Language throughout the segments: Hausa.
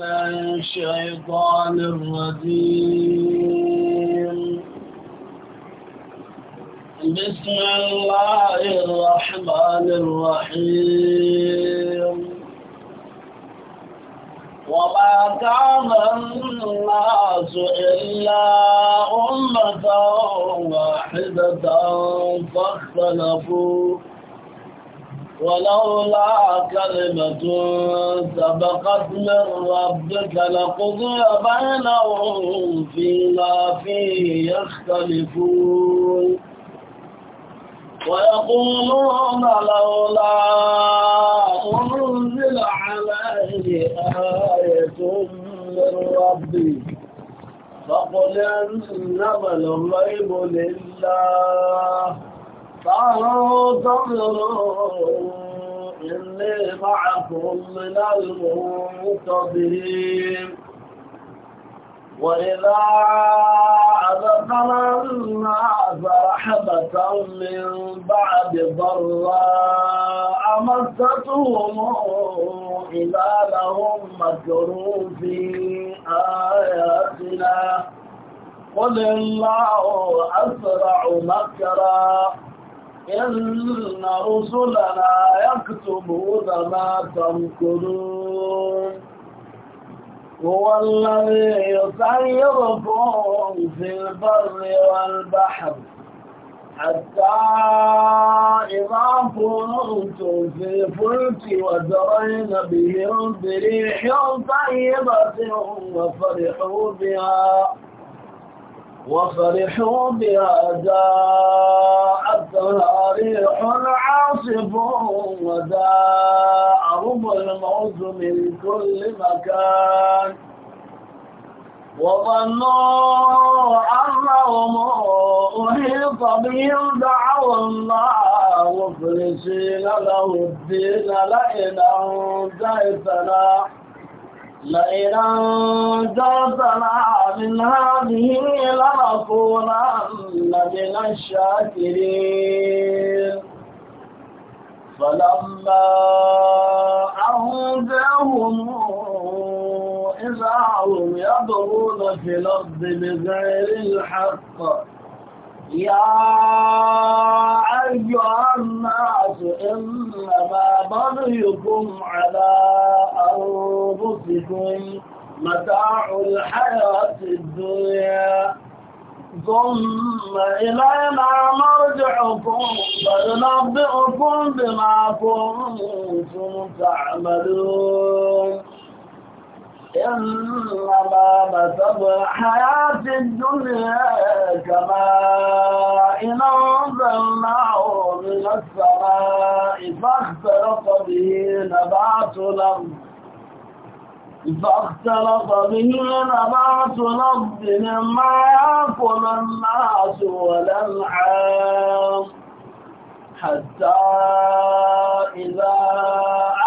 الله الشيطان الرجيم بسم الله الرحمن الرحيم وما كان الناس إلا أمة واحدة فاختلفوا ولولا كلمة سبقت من ربك لقضي بينهم فيما فيه يختلفون ويقولون لولا أنزل عليه آية من ربي فقل إنما الغيب لله تعالوا انتظروا إني معكم من المنتظرين وإذا أذقنا الناس رحمة من بعد ضراء مستهم إذا لهم مكر في آياتنا قل الله أسرع مكرا إن رسلنا يكتبون ما تنكرون هو الذي يسيركم في البر والبحر حتى إذا كنتم في الفلك وجرين بهم بريح طيبة وفرحوا بها وفرحوا بهذا أتها ريح عاصف رب الموت من كل مكان وظنوا أنهم أحيط بهم دعوا الله مخلصين له الدين لئن أنجيتنا ليلا جئتنا من هذه لنكونن من الشاكرين فلما أهدهم إذا هم يبغون في الأرض بغير الحق يا أيها الناس إنما بغيكم على أنفسكم متاع الحياة الدنيا ثم إلينا مرجعكم فلنبئكم بما كنتم تعملون إنما مثل الحياة الدنيا كماء أنزلناه من السماء فاختلط به نبات الأرض فاختلط به نبات الأرض مما يأكل الناس والأنعام حتى إذا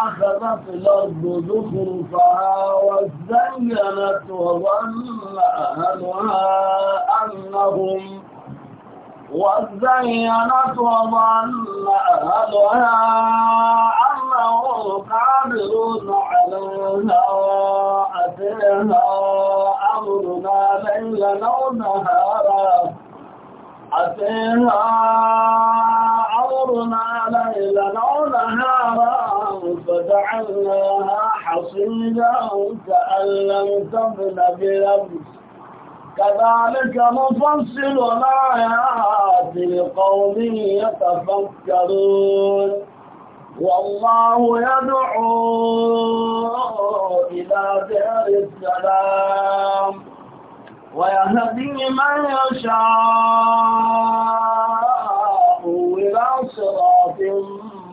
أخذت الأرض زخرفها وزينت وظن أهلها أنهم وزينت وظن أهلها أنهم قادرون عليها أتيها أمرنا ليلا أو نهارا أتيها أمرنا ليلا أو نهارا فجعلناها حصيدا كأن لم تبن بلبس كذلك نفصل الآيات لقوم يتفكرون والله يدعو إلى دار السلام ويهدي من يشاء إلى صراط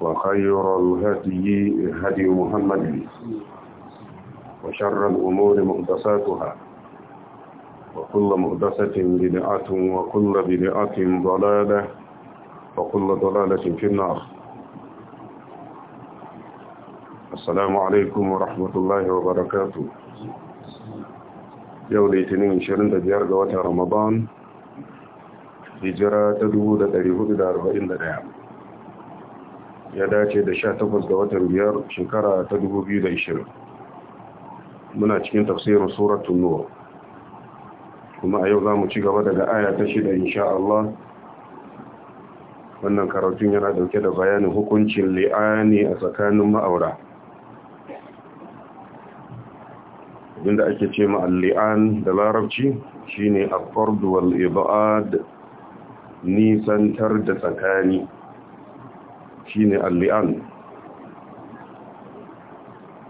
وخير الهدي هدي محمد وشر الأمور مقدساتها وكل مقدسة بدعة وكل بدعة ضلالة وكل ضلالة في النار السلام عليكم ورحمة الله وبركاته يوم الاثنين شرند بيارجة رمضان هجرة تدود تريهود دار وإن دعم ya dace da sha 18 ga watan biyar shekara ta 2020 muna cikin tafsirin suratun nur kuma a yau za mu ci gaba daga aya ta shida insha Allah wannan karatun yana dauke da bayanin hukuncin li'ani a tsakanin ma'aura inda ake ce ma li'an da larabci shine afarduwal wal ibad nisantar da tsakani shine al-li'an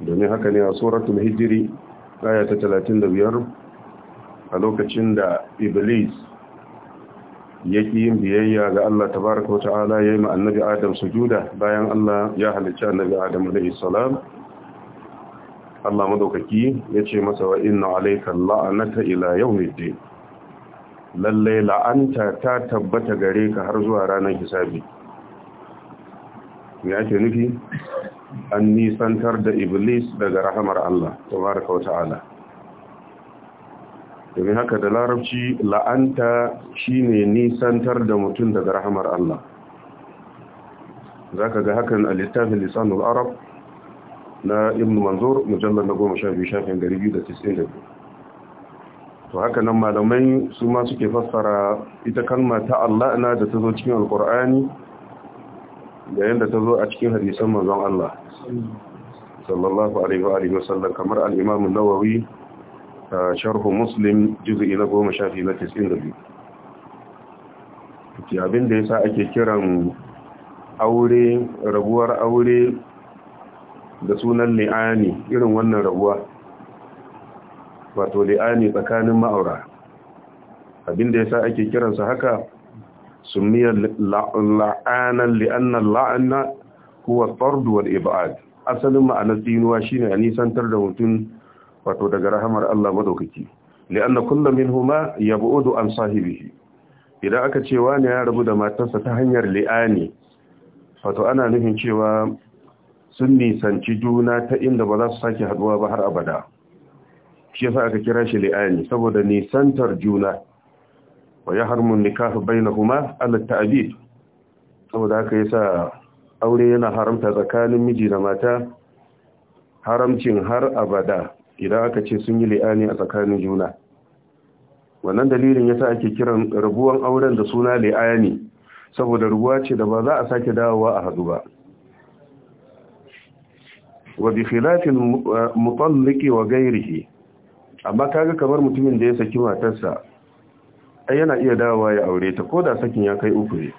domin haka ne a suratul hijri aya ta 35 a lokacin da iblis yake yin biyayya ga Allah tabaraka wa ta'ala yayin ma annabi Adam sujuda bayan Allah ya halicci annabi Adam alayhi salam Allah madaukaki yace masa wa inna alayka la'anata ila yawmiddin lalle la'anta ta tabbata gare ka har zuwa ranar hisabi me ake nufi an nisantar da iblis daga rahamar Allah tabaraka wa ta'ala domin haka da larabci la'anta shine nisantar da mutum daga rahamar Allah zaka ga hakan a littafin lisanul arab na ibn manzur mujallar na goma sha biyu shafin gari biyu da tisin da to haka nan malamai su ma suke fassara ita kalma ta Allah na da ta zo cikin alkur'ani da yadda ta zo a cikin hadisan manzon Allah sallallahu alaihi wa alihi kamar al-Imam an-Nawawi sharh Muslim juz'i na 10 shafi na 92 ki abin da yasa ake kiran aure rabuwar aure da sunan li'ani irin wannan rabuwa wato li'ani tsakanin ma'aura abin da yasa ake kiransa haka سمي لعانا لأن اللعن هو الطرد والإبعاد أصل ما أنا سينوا شين يعني سنتر دوتون وتودغ رحمر الله مدوكتي لأن كل منهما bu'udu عن صاحبه إذا أكا cewa ne ya rabu da matarsa ta hanyar li'ani wato ana nufin cewa sun nisanci juna ta inda ba za su sake haɗuwa ba har abada shi yasa aka kira shi li'ani saboda nisantar juna wa ya harmun nikahu bainahuma ala ta'bid saboda haka yasa aure yana haramta tsakanin miji da mata haramcin har abada idan aka ce sun yi li'ani a tsakanin juna wannan dalilin yasa ake kiran rabuwan auren da suna li'ani saboda rubuwa ce da ba za a sake dawowa a hadu ba wa bi khilafin mutalliki wa gairihi amma kaga kamar mutumin da ya saki matarsa ai yana iya dawowa ya aure ta ko da sakin ya kai uku ne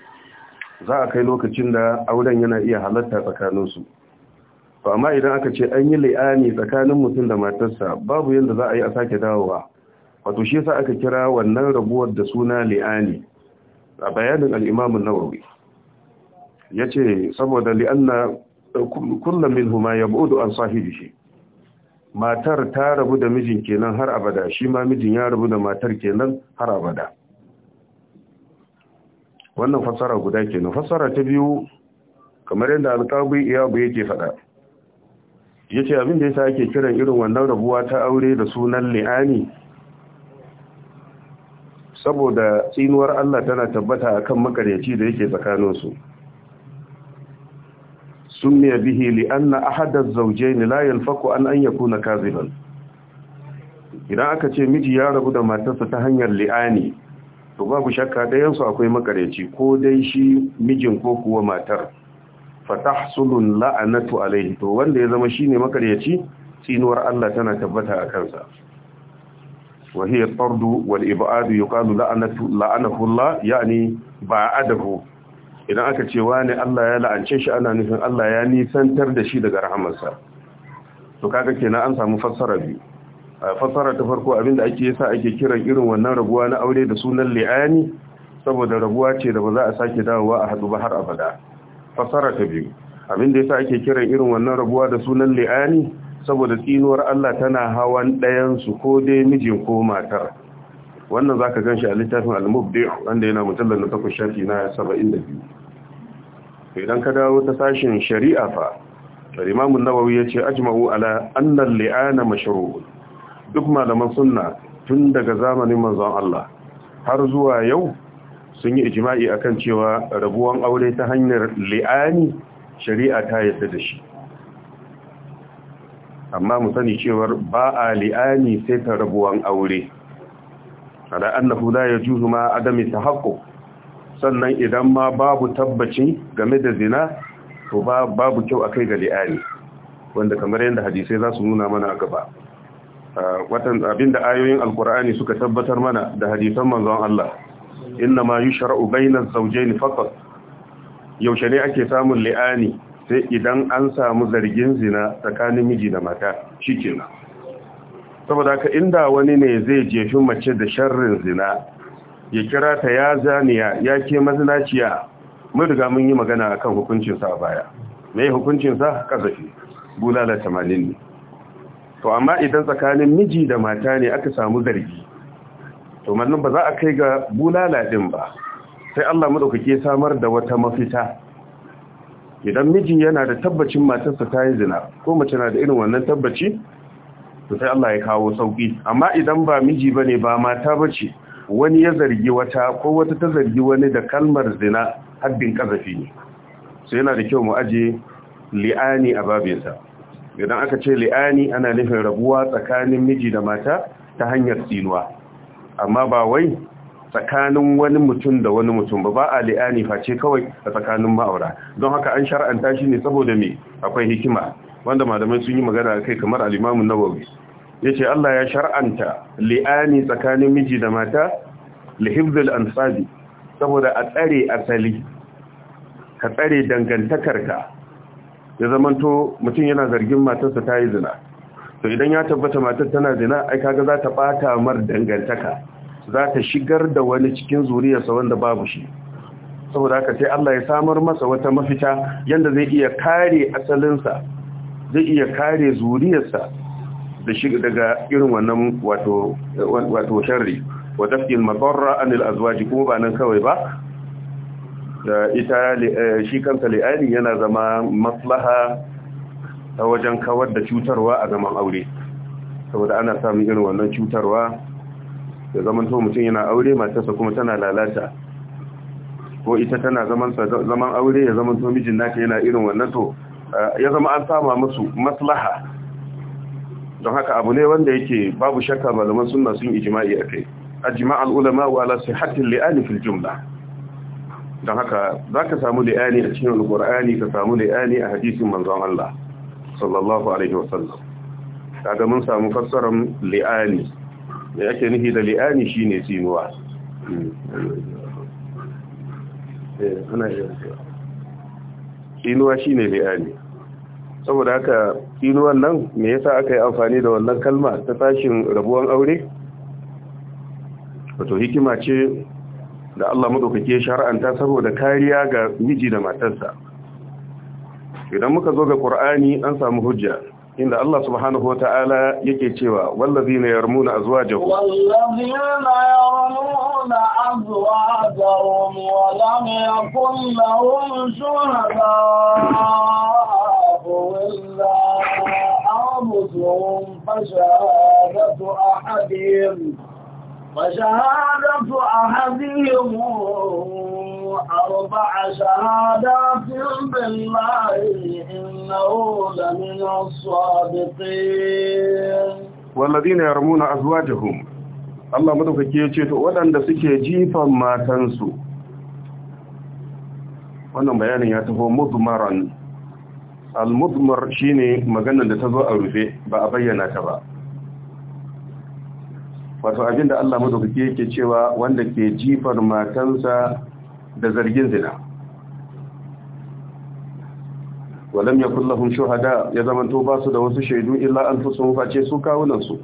za a kai lokacin da auren yana iya halatta tsakaninsu to amma idan aka ce an yi la'ani tsakanin mutum da matarsa babu yadda za a yi a sake dawowa wato shi yasa aka kira wannan rabuwar da suna la'ani a bayanin al-Imam an-Nawawi yace saboda li'anna kullu ya yab'udu an shi. matar ta rabu da mijin kenan har abada shi ma mijin ya rabu da matar kenan har abada wannan fassara guda kenan fassara ta biyu kamar yadda alƙabi iyabu yake faɗa yace abin da yasa ake kiran irin wannan rabuwa ta aure da sunan li'ani saboda tsinuwar Allah tana tabbata akan makaryaci da yake tsakaninsu su سمي به لأن أحد الزوجين لا يلفق عن أن يكون كاذبا idan aka ce miji ya rabu da matarsa ta hanyar li'ani to babu shakka ɗayansu akwai makareci ko dai shi mijin ko kuwa matar fatahsulun la'anatu alaihi to wanda ya zama shine makareci tsinuwar Allah tana tabbata a kansa wa hiya tardu wal ibadu yuqalu la'anatu la'anahu Allah yani ba'adahu idan aka ce ne Allah ya la'ance shi ana nufin Allah ya nisantar da shi daga rahamarsa to kaga kenan an samu fassara biyu fassara ta farko abinda ake yasa ake kiran irin wannan rabuwa na aure da sunan li'ani saboda rabuwa ce da ba za a sake dawowa a hadu ba har abada fassara ta biyu abinda yasa ake kiran irin wannan rabuwa da sunan li'ani saboda tsinuwar Allah tana hawan ɗayan su ko dai mijin ko matar wannan zaka ganshi a littafin al-mubdi' wanda yana mujallar na 8 shafi na 72 idan ka dawo ta sashin shari'a fa Imam Nawawi yace ajma'u ala anna liana mashru'u duk malaman sunna tun daga zamanin manzon Allah har zuwa yau sun yi ijma'i akan cewa rabuwan aure ta hanyar li'ani shari'a ta yarda da shi amma mu sani cewar ba a li'ani sai ta rabuwan aure ala annahu la yajuzu ma adami tahaqquq sannan idan ma babu tabbaci game da zina to babu kyau a kai ga li'ani wanda kamar yadda hadisai za su nuna mana a gaba watan abinda ayoyin alkur'ani suka tabbatar mana da hadisan manzon Allah inna ma yushra'u bainaz ni faqat yaushe ne ake samun li'ani sai idan an samu zargin zina tsakanin miji da mata Shikina. saboda haka inda wani ne zai jefi mace da sharrin zina ya kira ta ya zaniya ya ke mazinaciya mun riga mun yi magana akan hukuncinsa a baya mai hukuncinsa kazafi bulala tamanin ne to amma idan tsakanin miji da mata ne aka samu zargi to ba za a kai ga bulala din ba sai Allah madaukake samar da wata mafita idan miji yana da tabbacin matarsa ta yi zina ko mace na da irin wannan tabbaci to sai Allah ya kawo sauki amma idan ba miji bane ba mata bace wani ya zargi wata ko wata ta zargi wani da kalmar zina haddin kazafi ne sai yana da kyau mu aje li'ani a babinsa idan aka ce li'ani ana nufin rabuwa tsakanin miji da mata ta hanyar tsinuwa amma ba wai tsakanin wani mutum da wani mutum ba ba a li'ani face kawai a tsakanin ma'aura don haka an shar'anta shi ne saboda me akwai hikima wanda malamai sun yi magana kai kamar al Nawawi Ya ce Allah ya shar'anta li'ani tsakanin miji da mata lihibdul ansabi saboda a tsare asali ka tsare dangantakarka ya zamanto mutum yana zargin matarsa ta yi zina to idan ya tabbata matar tana zina ai kaga za ta bata mar dangantaka za ta shigar da wani cikin zuriyarsa wanda babu shi saboda haka sai Allah ya samar masa wata mafita yanda zai iya kare asalinsa zai iya kare zuriyarsa da shiga daga irin wannan wato wato sharri wa dafil madarra anil azwaji kuma ba nan kawai ba da ita eh, shi kanta li'ali yana zama maslaha ta wajen kawar da cutarwa a zaman aure saboda ana samun irin wannan cutarwa da zaman to mutum yana aure matarsa kuma tana lalata ko ita tana zaman zaman aure ya zaman to mijin naka yana irin wannan to eh, ya zama an sama musu maslaha don haka abu ne wanda yake babu shakka malaman sunna sun ijma'i akai ajma'al ulama wa ala sihhatil li'ani fil jumla don haka zaka samu li'ani a cikin alqur'ani ka samu li'ani a hadisin manzon Allah sallallahu alaihi wasallam kaga mun samu fassarar li'ani Me yake nufi da li'ani shine tsinuwa eh ana tsinuwa shine li'ani saboda haka inuwan nan me yasa aka yi amfani da wannan kalma ta tashin rabuwan aure wato hikima ce da Allah madaukake shar'anta saboda kariya ga miji da matarsa idan muka zo ga Qur'ani an samu hujja inda Allah subhanahu wata'ala yake cewa wallazina yarmuna azwajahum wallazina yarmuna azwajahum wa lam yakul lahum shuhada فشهادة أحدهم أربع شهادات بالله إنه لمن الصادقين والذين يرمون أزواجهم Allah mutu kake ce to waɗanda suke jifan matansu wannan bayanin ya tafi mutu maranin al-mudmar shine maganar da ta zo a rufe ba a bayyana ta ba wato abinda Allah madaukake yake cewa wanda ke jifar matansa da zargin zina walam yakul lahum shuhada ya zamanto ba su da wasu shaidu illa an fusun face su kawunan su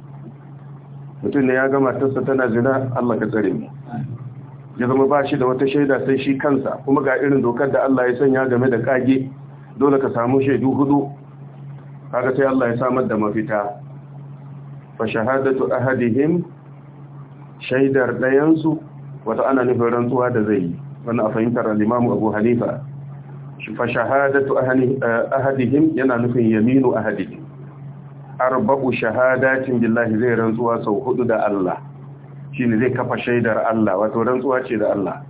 mutum ne ya ga matarsa tana zina Allah ka tsare mu ya zama ba shi da wata shaida sai shi kansa kuma ga irin dokar da Allah ya sanya game da kage dole ka samu shaidu hudu kaga sai Allah ya samar da mafita fa shahadatu ahadihim shaidar dayansu wata ana nufin rantsuwa da zai yi wannan a fahimtar al-Imam Abu Hanifa fa shahadatu eh, ahadihim yana nufin yaminu ahadihim arba'u shahadatin billahi zai rantsuwa sau hudu da Allah shine zai kafa shaidar Allah wato rantsuwa ce da Allah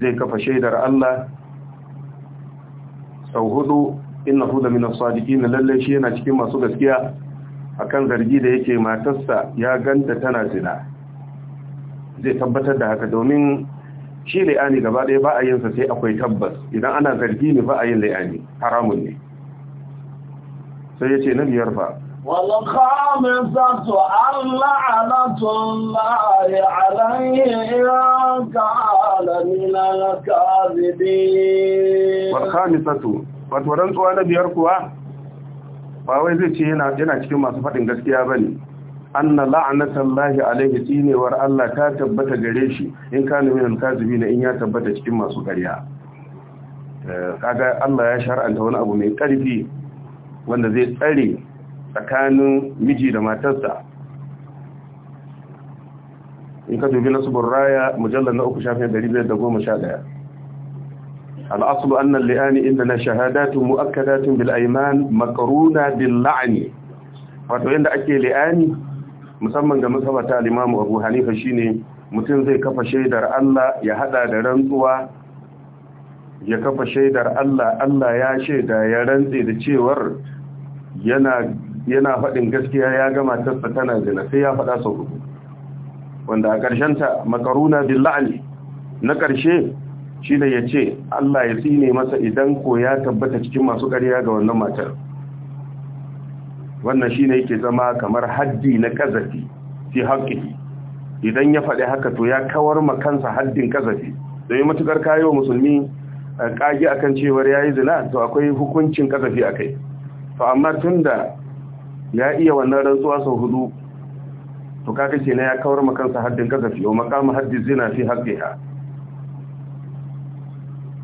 zai kafa shaidar Allah sau hudu ina hudu mina sadiki na lallai shi yana cikin masu gaskiya akan zargi da yake matarsa ya ganta tana zina zai tabbatar da haka domin shi la'ani gaba ɗaya ba a yin sai akwai tabbas idan ana zargi ne ba a yin la'ani haramun ne sai yace na biyar fa والخامسة اللعنة الله عليه إن كان من الكاذبين والخامسة فتورن سؤال بيركوا bawai zai ce yana cikin masu faɗin gaskiya ba ne anna la'anatan lahi alaihi tsinewar Allah ta tabbata gare shi in kana min kazibi na in ya tabbata cikin masu ƙarya kaga Allah ya shar'anta wani abu mai ƙarfi wanda zai tsare tsakanin miji da matarsa in ka dubi nasu burraya mujallar na uku shafin 511 al'asulu annan li'ani inda na shahadatun mu'akkadatun bil'aiman makaruna bin la'ani wato yadda ake li'ani musamman ga masabata alimamu abu hanifa shine mutum zai kafa shaidar Allah ya hada da rantsuwa ya kafa shaidar Allah Allah ya shaida ya rantse da cewar yana yana faɗin gaskiya ya gama tasta tana zina sai ya faɗa sau uku wanda a ta makaruna billa'ani na ƙarshe shi da ya ce Allah ya tsine masa idan ko ya tabbata cikin masu ƙarya ga wannan matar wannan shi ne yake zama kamar haddi na ƙazafi fi haƙƙi idan ya faɗi haka to ya kawar ma kansa haddin ƙazafi da yi matuƙar kayo musulmi eh, ƙagi akan cewar ya yi zina to akwai hukuncin ƙazafi a kai To amma tun da ya iya wannan rantsuwa sau hudu to kaka ce na ya kawar makansa haddin kasafi wa maqama haddi zina fi haqqiha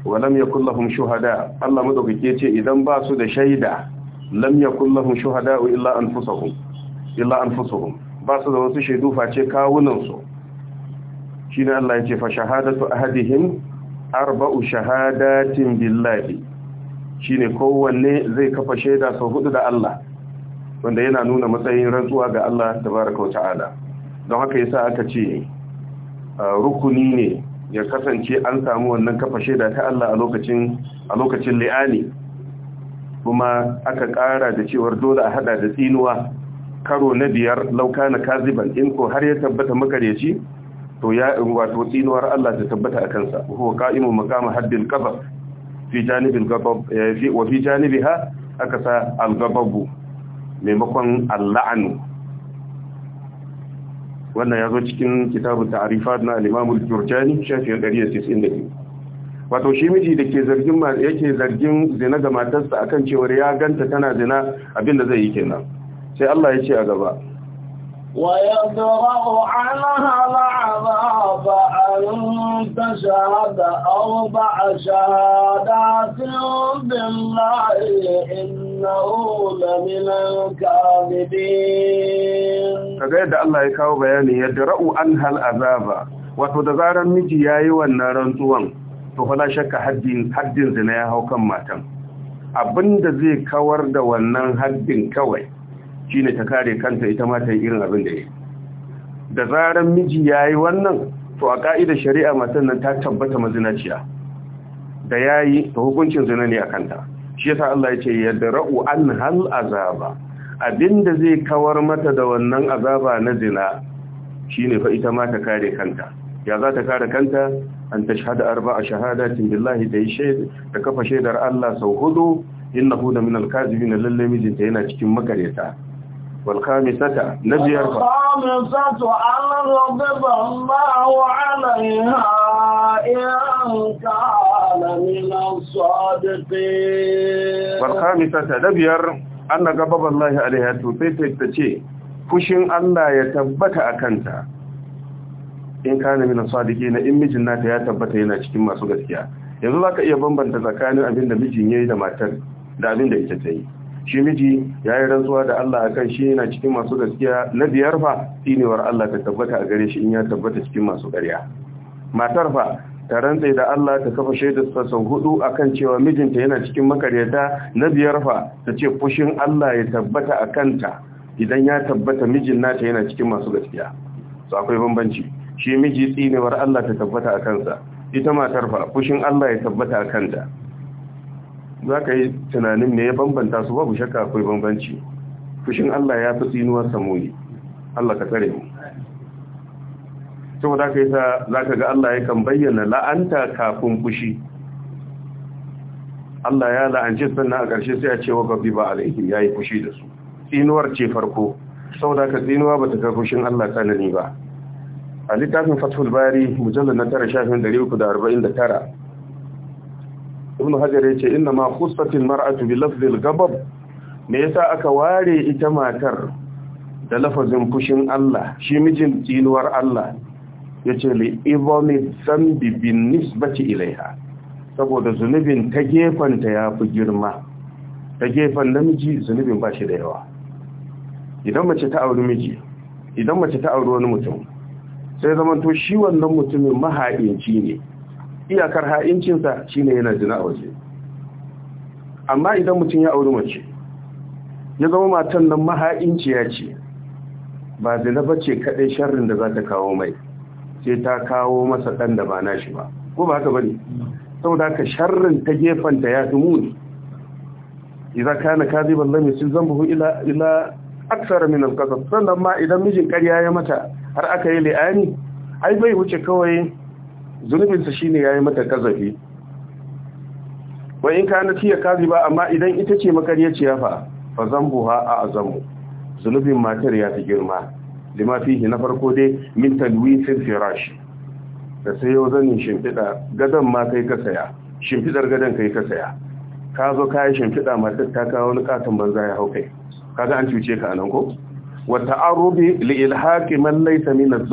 wa lam yakul lahum shuhada Allah madaukake ce idan ba su da shaida lam yakul lahum shuhada illa anfusuhum illa anfusuhum ba su da wasu shaidu face kawunan su shine Allah ya ce fa shahadatu ahadihim arba'u shahadatin billahi shine kowanne zai kafa shaida sau hudu da Allah wanda yana nuna matsayin rantsuwa ga Allah tabaraka wa ta'ala don haka yasa aka ce rukuni ne ya kasance an samu wannan kafa shaida ta Allah a lokacin a lokacin li'ani kuma aka ƙara da cewar dole a hada da tsinuwa karo na biyar lauka na kaziban in ko har ya tabbata makareci to ya in wato tsinuwar Allah ta tabbata a kansa ko qa'imu maqama haddil qabr fi janibil qabr eh, fi wa fi janibiha aka sa al-qabbu maimakon alla'anu wannan ya zo cikin kitabun ta'arifa na al-imamul jurjani shafi 192 wato shi miji da ke zargin yake zargin zina ga matarsa akan cewa ya ganta tana zina abinda zai yi kenan sai Allah ya ce a gaba ويدرأ عنها العذاب أن تشهد أربع شهادات بالله إنه لمن الكاذبين kaga yadda Allah ya kawo bayani yadra'u anhal azaba wato da zarar miji yayi wannan rantsuwan to fa la shakka haddin haddin zina ya hau kan matan abinda zai kawar da wannan haddin kawai ne ta kare kanta ita ma ta yi irin abin da ya da zarar miji ya yi wannan to a ƙa'idar shari'a matan nan ta tabbata mazinaciya da ya yi ta hukuncin zina ne a kanta shi yasa Allah ya ce ra'u an hal azaba abinda zai kawar mata da wannan azaba na zina shine fa ita ma ta kare kanta ya za ta kare kanta an tashhada arba'a shahadatin billahi da shaid da kafa shaidar Allah sau hudu innahu da min al-kazibin lalle mijinta yana cikin makareta والخامسة نبي أربعة والخامسة أن غضب الله عليها إن كان من الصادقين والخامسة نبي أن غضب الله عليها fushin Allah ya tabbata a kanta in kana min sadiqina in mijin nata ya tabbata yana cikin masu gaskiya yanzu zaka iya bambanta tsakanin abin da mijin yayi da matar da abin da ita ta yi shi miji ya yi rantsuwa da Allah a kan shi yana cikin masu gaskiya na biyar fa tinewar Allah ta tabbata a gare shi in ya tabbata cikin masu ƙarya matar fa ta rantsai da Allah ta kafa da sassan hudu a kan cewa mijinta yana cikin makaryata na biyar fa ta ce fushin Allah ya tabbata a kanta idan ya tabbata mijin nata yana cikin masu gaskiya su akwai bambanci shi miji tsinewar Allah ta tabbata a kansa ita matar fa fushin Allah ya tabbata a kanta za ka yi tunanin ne ya bambanta su babu shakka akwai bambanci fushin Allah ya fi tsinuwar samoyi Allah ka tsare mu saboda ka yi sa za ka ga Allah ya kan bayyana la'anta kafin fushi Allah ya la'anci sannan a ƙarshe sai a ce wa babbi ba alaihim ya yi fushi da su tsinuwar ce farko saboda ka tsinuwa ba ta ga fushin Allah tsanani ba a littafin fathul bari mujallar na tara shafin 349 ibn hajar yace inna ma khusatil mar'atu bi lafzil ghadab me yasa aka ware ita matar da lafazin fushin Allah shi mijin tinuwar Allah yace li ibami zambi bin nisbati ilaiha saboda zunubin ta gefan ta yafi girma ta gefen namiji zunubin ba shi da yawa idan mace ta auri miji idan mace ta auri wani mutum sai to shi wannan mutumin maha'inci ne iyakar ha'incinsa shi ne yana zina a waje amma idan mutum ya auri mace ya zama matan nan maha'inciya ce ba zina bace kadai sharrin da za ta kawo mai sai ta kawo masa dan da ba na shi ba ko ba haka bane da haka sharrin ta gefen ta ya fi muni idan na kazi ballon mai sun ila ila aksara min alƙasar. sannan ma idan mijin ƙarya ya mata har aka yi la'ani, ai bai wuce kawai shi ne ya yi mata kazafi wa in ka kana tiya ba amma idan ita ce makaryaciya fa fa buha a azamu Zulubin matar ya fi girma lima fihi na farko dai min talwisil firash da sai yau zanin shimfiɗa. Gadon ma kai ka saya shimfidar gadon kai ka saya ka zo ka yi shimfiɗa matar ta kawo wani katon banza ya hau kai Ka ga an cuce ka anan ko wata an li ilhaqi man laysa min az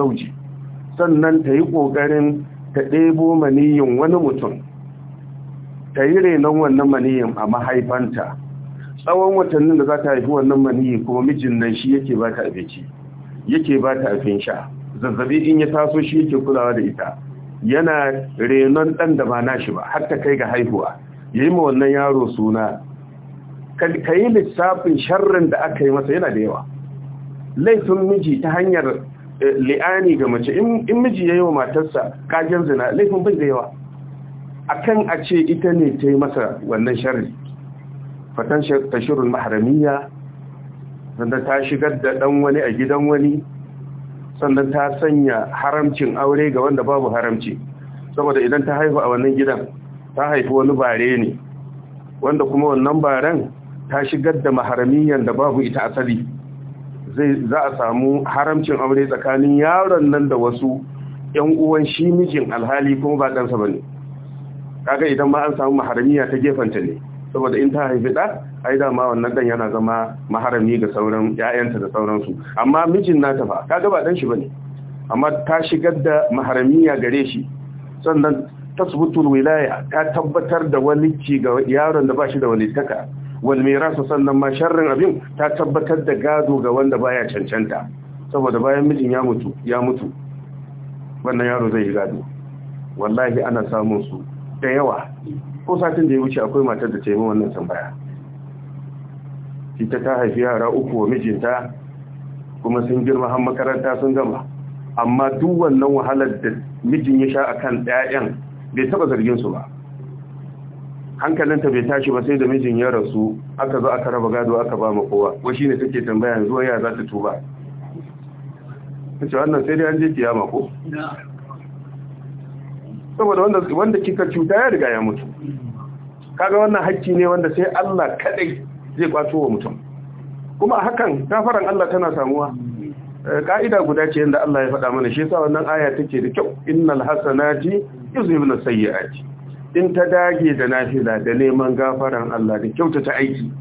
sannan ta yi ƙoƙarin ta ɗebo maniyin wani mutum ta yi renon wannan maniyin a mahaifanta tsawon watannin da za ta haifi wannan maniyin kuma mijin nan shi yake ba ta abinci yake ba ta abin sha zazzabi in ya taso shi yake kulawa da ita yana renon ɗan da ba nashi ba har ta kai ga haihuwa ya yi ma wannan yaro suna ka yi lissafin sharrin da aka yi masa yana da yawa laifin miji ta hanyar li'ani ga mace in miji ya yi wa matarsa kagen zina laifin bai da yawa A kan a ce ita ne ta yi masa wannan shari. fatan tashirin maharamiya sannan ta shigar da dan wani a gidan wani sannan ta sanya haramcin aure ga wanda babu haramci saboda idan ta haifu a wannan gidan ta haifi wani bare ne wanda kuma wannan baren ta shigar da maharamiyan da babu ita asali zai za a samu haramcin aure tsakanin yaron nan da wasu yan uwan shi mijin alhali kuma ba ɗansa bane. kaga idan ma an samu maharamiya ta gefanta ne saboda in ta haifi ɗa ai da ma wannan dan yana zama maharami ga sauran ƴaƴanta da sauransu amma mijin nata fa kaga ba dan shi ba amma ta shigar da maharamiya gare shi sannan tasbutul wilaya ta tabbatar da wani ga yaron da ba shi da wani wal mirasu sannan ma sharrin abin ta tabbatar da gado ga wanda baya cancanta saboda bayan mijin ya mutu ya mutu wannan yaro zai yi gado wallahi ana samun su da yawa ko satin da ya wuce akwai matar da ta yi wannan tambaya ita ta haifi yara uku wa mijinta kuma sun girma har makaranta sun gama amma duk wannan wahalar da mijin ya sha akan ɗayan bai taɓa zargin su ba hankalinta bai tashi ba sai da mijin ya rasu aka zo aka raba gado aka ba kowa ko shi ne take tambaya zuwa ya za ta tuba ce wannan sai dai an je kiyama ko saboda wanda wanda kika cuta ya riga ya mutu kaga wannan hakki ne wanda sai Allah kadai zai kwato wa mutum kuma hakan kafaran Allah tana samuwa eh, ka'ida guda ce yadda Allah ya faɗa mana shi yasa wannan aya take da kyau innal hasanati as sayyi'ati in ta dage da nafila da neman gafaran Allah da kyautata aiki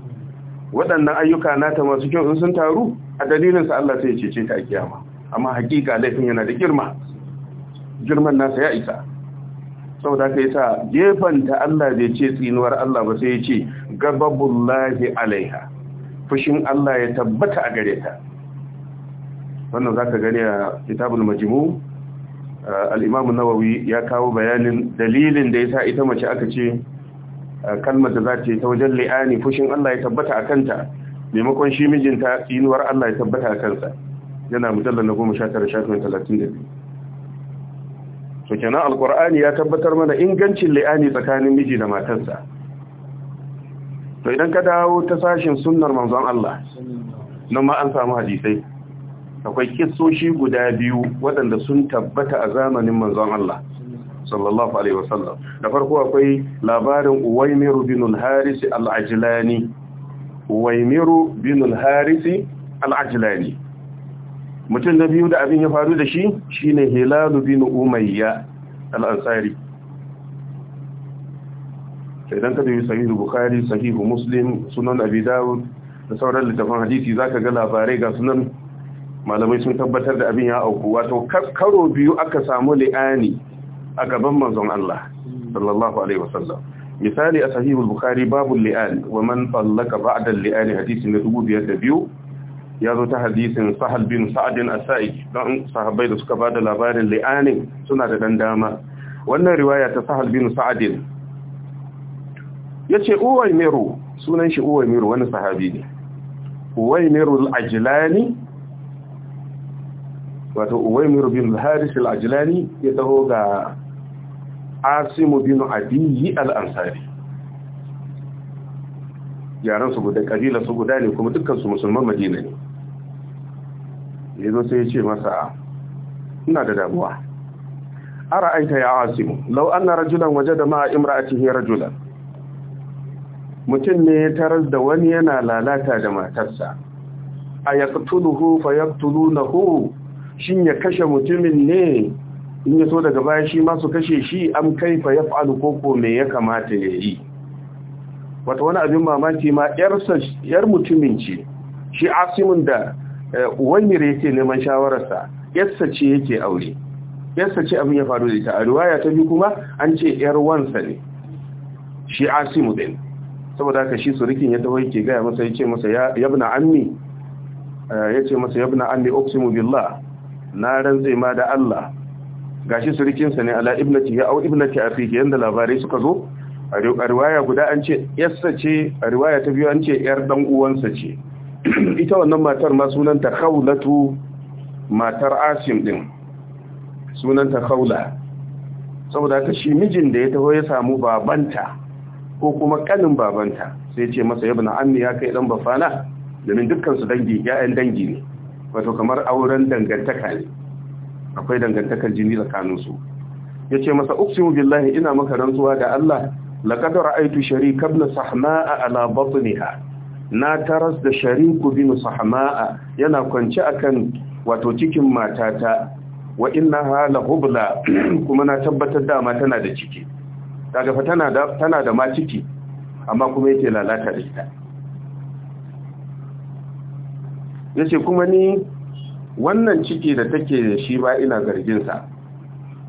waɗannan ayyuka nata masu kyau sun taru a dalilinsa Allah sai ya cece ta kiyama amma hakika laifin yana da girma girman nasa ya isa saboda ka yasa ta Allah zai ce tsinuwar Allah ba sai ya ce gababullahi alaiha fushin Allah ya tabbata a gare ta wannan zaka gani a kitabul majmu Eh, al'imamu nawawi ya kawo bayanin dalilin da ya sa ita mace aka ce eh, kalmar da za ta yi ta wajen la'ani fushin Allah ya tabbata a kanta maimakon shi mijinta inuwar Allah ya tabbata a kansa yana mujallar na goma sha tara tara talatin da biyu to kenan alkur'ani ya tabbatar mana ingancin la'ani tsakanin miji da matarsa to idan ka dawo ta sashin sunnar manzon Allah nan ma an samu hadisai akwai kissoshi guda biyu waɗanda sun tabbata a zamanin manzon Allah sallallahu alaihi wasallam da farko akwai labarin Uwaimiru bin al-Haris al-Ajlani bin al-Haris al-Ajlani mutum da biyu da abin ya faru da shi shine Hilal bin Umayya al-Ansari sai dan kada yi sahihu Bukhari sahih Muslim sunan Abi Dawud da sauran littafan hadisi zaka ga labarai ga sunan malamai sun tabbatar da abin ya auku wato karo biyu aka samu li'ani a gaban manzon Allah sallallahu alaihi wasallam misali a sahihul bukhari babu li'an wa man tallaka ba'da li'ani hadisi na 2002 ya zo ta hadisin sahal bin sa'ad as-sa'id dan sahabbai da suka bada labarin li'anin suna da dan dama wannan riwaya ta sahal bin sa'ad yace uwaymiru sunan shi uwaymiru wani sahabi ne uwaymiru al-ajlani wato uwaimir bin haris al-ajlani ya taho ga asimu bin Abi al-ansari yaran su guda kabila su guda ne kuma dukkan su musulman madina ne ya zo sai ya ce masa ina da damuwa ara aita ya Asim law anna rajulan waje da imra'atihi rajulan mutum ne ya taras da wani yana lalata da matarsa a yaqtuluhu fa shin ya kashe mutumin ne in ya so daga baya shi masu kashe shi am kaifa yaf'alu koko me ya kamata ya yi wata wani abin mamaki ma yarsa yar mutumin ce shi asimin da eh, wani yake neman shawararsa yarsa ce yake aure yarsa ce abin ya faru da ita a riwaya ta biyu kuma an ce yar wansa ne shi asimu din saboda haka shi surikin ya tawo yake gaya masa yace masa yabna anni ammi eh, yace masa yabna anni billah na zai ma da Allah gashi surikinsa ne ala ibnati ya au ibnati afiki yanda labarai suka zo a riwaya guda an ce yarsa ce a riwaya ta biyu an ce yar dan uwansa ce ita wannan matar ma sunanta khawlatu matar asim din sunanta khawla saboda haka shi mijin da ya taho ya samu babanta ko kuma kanin babanta sai ce masa ibnu anni ya kai dan bafana domin dukkan su dangi ya'yan dangi ne wato kamar auren dangantaka ne akwai dangantakar jini tsakaninsu ya ce masa uksimu billahi ina maka rantsuwa da Allah laqad ra'aytu sharika ibn sahma'a ala batniha na taras da shariku bin sahma'a yana kwance akan wato cikin matata wa innaha hala hubla kuma na tabbatar da ma tana da ciki kaga fa tana da tana da ma ciki amma kuma yake lalata da ita ya ce kuma ni wannan ciki da take da shi ba ina zarginsa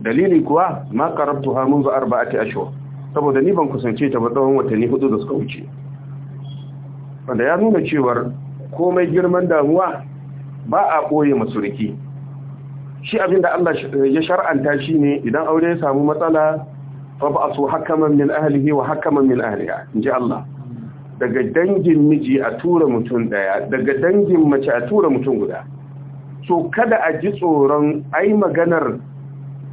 dalili kuwa ma karabtu ha munzu arba'ati ashewa. saboda ni ban kusance ta ba tsawon watanni hudu da suka wuce wanda ya nuna cewar komai girman damuwa ba a ɓoye masuriki shi abinda Allah ya shar'anta shi ne idan aure ya samu matsala fa ba su hakaman min ahlihi wa hakaman min ahliha inji Allah daga dangin miji a tura mutum daya daga dangin mace a tura mutum guda so kada a ji tsoron ai maganar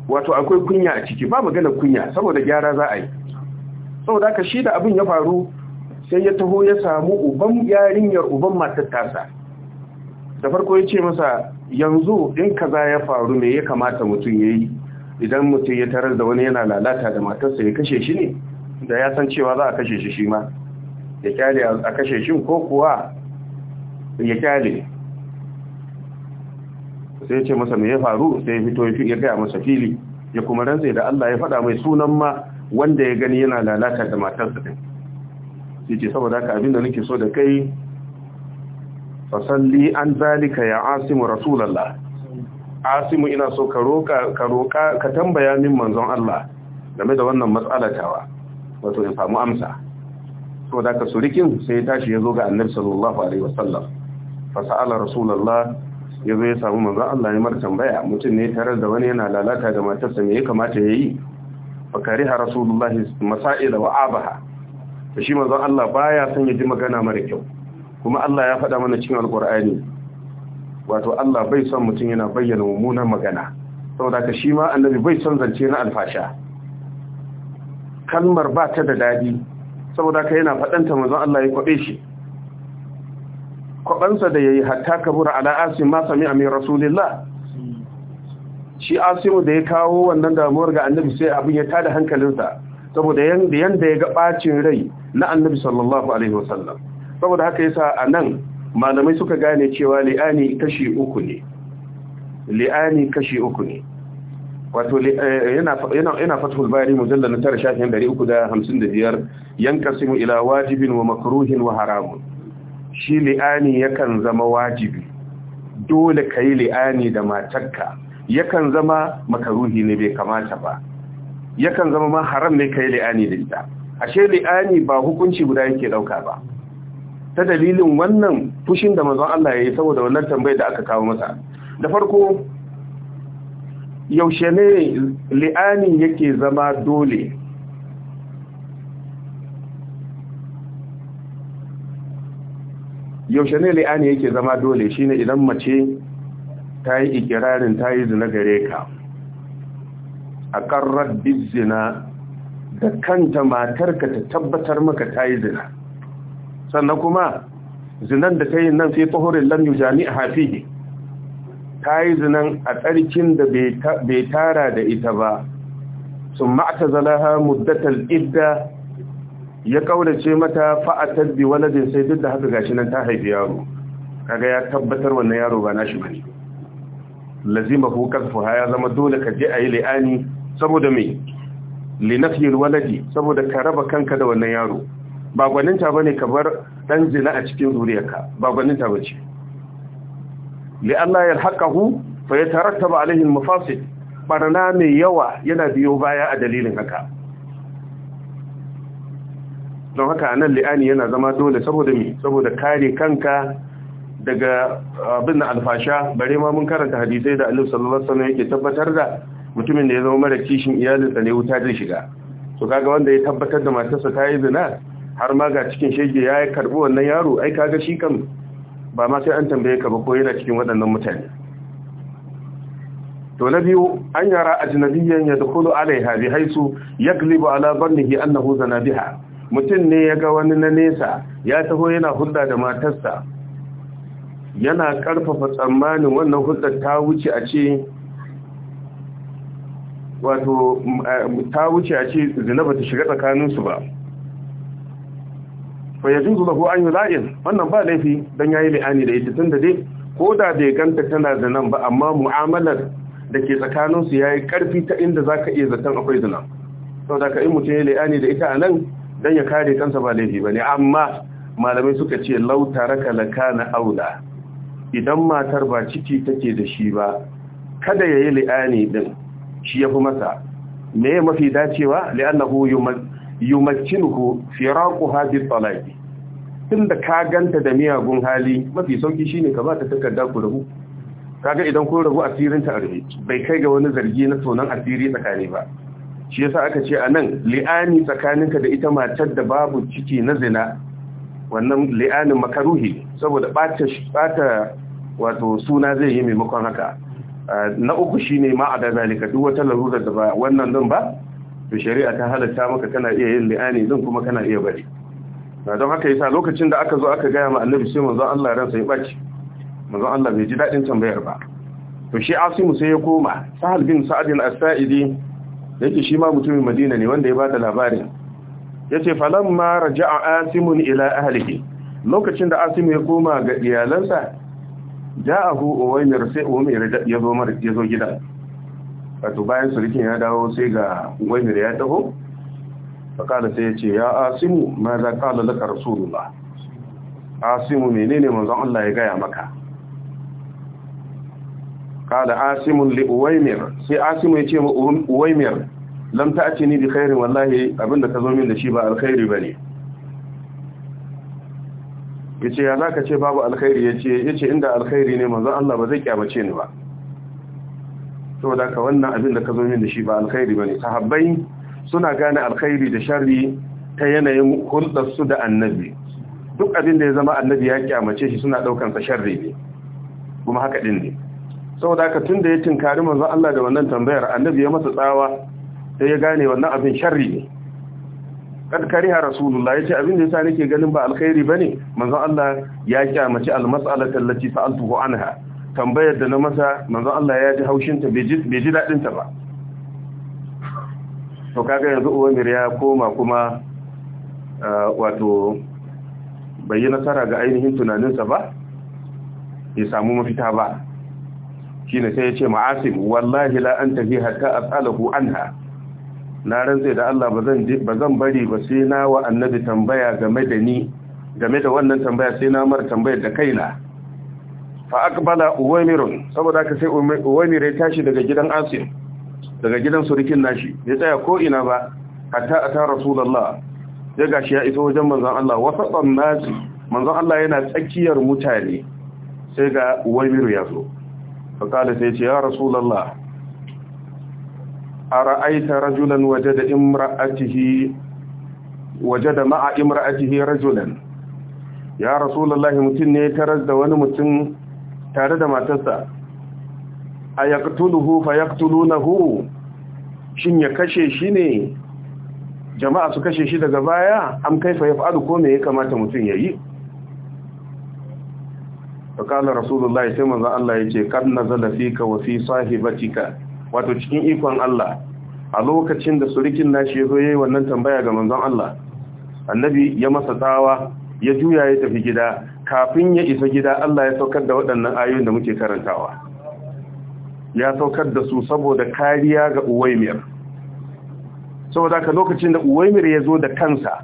wato akwai kunya a ciki ba maganar kunya saboda gyara za a yi saboda ka shi da abin ya faru sai ya taho ya samu uban yarinyar uban matar da farko ya ce masa yanzu in kaza ya faru me ya kamata mutum ya yi idan mutum ya tarar da wani yana lalata da matarsa ya kashe shi ne da ya san cewa za a kashe shi shi ma ya kyale a kashe shi ko kuwa ya kyale sai ce masa mai ya faru sai ya fito ya gaya masa fili ya kuma rantse da Allah ya fada mai sunan ma wanda ya gani yana lalata da matarsa ɗin sai ce saboda haka abinda nake so da kai fasalli an zalika ya asimu Rasulallah. asimu ina so ka ka roka ka tambaya min manzon Allah game da wannan matsalatawa wato in samu amsa to da ka surikin sai ya tashi ya zo ga annabi sallallahu alaihi wasallam fa rasulullah ya zo ya samu manzon Allah ne mara tambaya mutum ne tare da wani yana lalata da matarsa me ya kamata ya yi fa kariha rasulullah masaila wa abaha to shi manzon Allah baya son ya ji magana mara kyau kuma Allah ya faɗa mana cikin alqur'ani wato Allah bai son mutum yana bayyana mummunan magana saboda ka shi ma annabi bai son zance na alfasha kalmar ba ta da daɗi saboda ka yana faɗanta manzon Allah ya kwaɓe shi kwaɓansa da ya yi hatta kabura ala asim ma sami amin rasulillah shi asimu da ya kawo wannan damuwar ga annabi sai abin ya tada hankalinsa saboda yanda ya ga ɓacin rai na annabi sallallahu alaihi wasallam saboda haka yasa a nan malamai suka gane cewa li'ani kashi uku ne li'ani kashi uku ne wato eh, yana fathul bari mujallal na tara shafin 355 yankasimu ila wajibin wa makruhin wa haramun shi li'ani yakan zama wajibi dole ka yi li'ani da matarka yakan zama makaruhi ne bai kamata ba yakan zama ma haram ne ka yi li'ani da ita ashe li'ani ba hukunci guda yake dauka ba ta dalilin wannan fushin da mazan Allah ya yi saboda wannan tambayar da aka kawo masa da farko yaushe ne li'ani yake zama dole yaushe ne li'ani yake zama dole shine idan mace ta yi ikirarin ta yi zina gare ka a ƙarar bizina da kanta matarka ta tabbatar maka ta yi zina sannan kuma zinan da ta yi nan sai fahorin lamu jami'a hafi ta yi zinan a tsarkin da bai tara da ita ba sun ma'ata zalaha muddatar idda ya ƙaurace mata fa'atar bi waladin sai duk da haka gashi nan ta haifi yaro kaga ya tabbatar wannan yaro ba nashi bane lazima ko kasfuha ya zama dole ka je ayi li'ani saboda me linafi waladi saboda ka raba kanka da wannan yaro ba gwaninta bane ka bar dan zina a cikin zuriyarka ba gwaninta bace li Allah ya fa ya alayhi alaihi mafasid barna mai yawa yana biyo baya a dalilin haka don haka anan li'ani yana zama dole saboda mi saboda kare kanka daga uh, abin da alfasha bare ma mun karanta hadisai da Allah sallallahu alaihi wasallam yake tabbatar da mutumin da ya zama mara kishin iyalinsa ne wuta zai shiga to kaga wanda ya tabbatar da matarsa ta yi zina har ma ga cikin shege ya karbi wannan yaro ai kaga shi kan ba ma sai an tambaye ka ba ko yana cikin waɗannan mutane to na biyu an yara a ajnabiyyan dukulu alaiha bi haisu yaglibu ala bannihi annahu zana biha mutum ne ya ga wani na nesa ya taho yana hulɗa da matarsa yana karfafa tsammanin wannan hulɗar ta wuce a ce wato eh, ta wuce a ce zina ba ta shiga tsakaninsu ba fa yajuzu lahu an lain, wannan ba laifi dan yayi li'ani da ita tunda dai ko da bai ganta tana da nan ba amma mu'amalar da ke tsakanin su yayi karfi ta inda zaka iya zaton akwai zina da ka yi mutum yayi la'ani da ita anan dan ya kare kansa ba laifi bane amma malamai suka ce law laka na aula idan matar ba ciki take da shi ba kada yayi li'ani din shi ya fi masa me mafi dacewa li'annahu yumakkinuhu firaquha bi talaqi tunda ka ganta da miyagun hali mafi sauki shine ka ba ta takarda ku rabu kaga idan kun rabu asirin ta bai kai ga wani zargi na tonan asiri tsakani ba shi yasa aka ce anan li'ani tsakaninka da ita matar da babu ciki na zina wannan li'anin makaruhi saboda bata bata wato suna zai yi maimakon haka ah, na uku shine ma a duk wata larurar da ba wannan din ba to shari'a ta halatta maka kana iya yin li'ani din kuma kana iya bari ba don haka yasa lokacin da aka zo aka gaya ma annabi sai manzo Allah ransa ya baci manzo Allah bai ji dadin tambayar ba to shi Asimu sai ya koma Sahal bin Sa'ad as saidi yake shi ma mutumin Madina ne wanda ya bada labarin yace falamma raja'a Asimun ila ahlihi lokacin da Asimu ya koma ga iyalansa ja'ahu Uwaymir sai ya zo mar ya zo gidan wato bayan surukin ya dawo sai ga gwamnati ya taho fakada sai ya ce ya asimu ma za ka laka rasulullah asimu menene manzon Allah ya gaya maka kala asimun li uwaymir sai asimu ya ce ma uwaymir lam ni bi khairin wallahi abinda ka zo min da shi ba alkhairi bane yace ya zaka ce babu alkhairi yace yace inda alkhairi ne manzon Allah ba zai kyamace ni ba saboda ka wannan abin da ka zo min da shi ba alkhairi bane sahabbai suna gane alkhairi da sharri ta yanayin hulɗar su da annabi duk abin da ya zama annabi ya kyamace shi suna daukan sa sharri ne kuma haka din ne saboda ka tunda ya tinkari manzon Allah da wannan tambayar annabi ya masa tsawa sai ya gane wannan abin sharri ne kad kariha rasulullah yace abin da yasa nake ganin ba alkhairi bane manzon Allah ya kyamace almas'alata allati sa'altuhu anha tambayar da na masa manzo Allah ya ji haushinta bai ji daɗinta ba to kaga yanzu uwamir ya koma kuma wato bai yi nasara ga ainihin tunaninsa ba ya samu mafita ba shi ne sai ya ce ma'asim wallahi la an tafi hatta as'alahu anha na rantse da Allah ba zan bari ba sai na wa annabi tambaya game da ni game da wannan tambaya sai na mara tambayar da kaina fa Akbala, uwaimirun saboda haka sai uwaimir ya tashi daga gidan asim daga gidan surikin nashi bai tsaya ko ina ba hatta ata rasulullah ya gashi ya iso wajen manzon Allah wasatan nasi manzon Allah yana tsakiyar mutane sai ga uwaimir ya zo fa kada sai ce ya rasulullah ara'aita rajulan wajada imra'atihi wajada ma'a imra'atihi rajulan ya rasulullahi mutum ne taras da wani mutum tare da matarsa a yaqtuluhu fa yaqtulunahu shin ya kashe shi ne jama'a su kashe shi daga baya am kaifa yaf'alu ko me ya kamata mutum yayi fa kana rasulullahi sai manzo Allah yace ce nazala fika wa fi sahibatika wato cikin ikon Allah a lokacin da surikin nashi ya yi wannan tambaya ga manzon Allah annabi ya masa tsawa ya juya ya tafi gida kafin ya isa gida Allah ya saukar da waɗannan ayoyin da muke karantawa ya saukar da su saboda kariya ga uwaimir saboda ka lokacin da uwaimir ya zo da kansa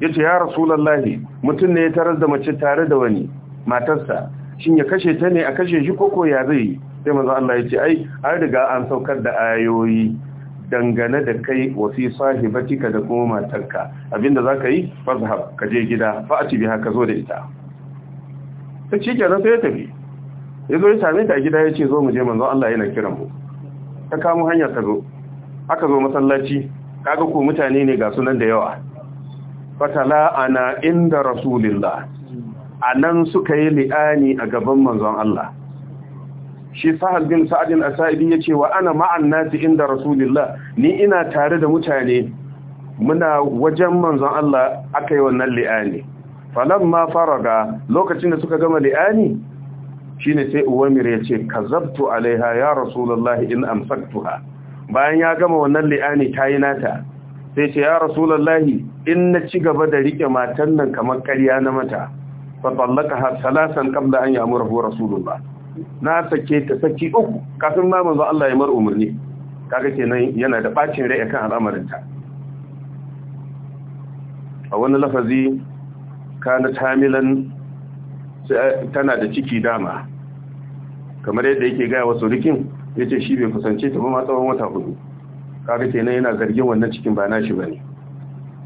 ya ce ya rasulallahi mutum ne ya tarar da mace tare da wani matarsa shin ya kashe ta ne a kashe shi koko ya zai sai maza Allah ya ce ai an riga an saukar da ayoyi dangane da kai wasi sahibatika da kuma matarka abinda za ka yi zahab ka je gida fa'ati biha ka zo da ita sai shi kenan sai ya tafi ya zo ya same ta a gida ya ce zo mu je manzo Allah yana kiran mu ta kamo hanya ta zo aka zo masallaci kaga ko mutane ne ga sunan da yawa fatala ana inda rasulillah anan suka yi li'ani a gaban manzon Allah shi sahal bin sa'adin asa'idi yace wa ana ma'an nasi inda rasulillah ni ina tare da mutane muna wajen manzon Allah akai wannan li'ani falamma faraga lokacin da suka gama li'ani shine sai uwamir ya ce kazabtu alaiha ya rasulullahi in amsaktuha bayan ya gama wannan li'ani tayi nata sai ce ya rasulullahi in na ci gaba da rike matan nan kamar karya na mata fa tallaqaha salasan qabla an ya'murahu rasulullah na sake ta saki uku kafin ma manzo Allah ya mar kaga kenan yana da bacin rai al'amarin ta. a wani lafazi kana tamilan eh, tana da ciki dama kamar yadda yake gaya wasu rikin ya ce shi bai kusance ta ba tsawon wata hudu kaga kenan yana zargin wannan cikin ba nashi bane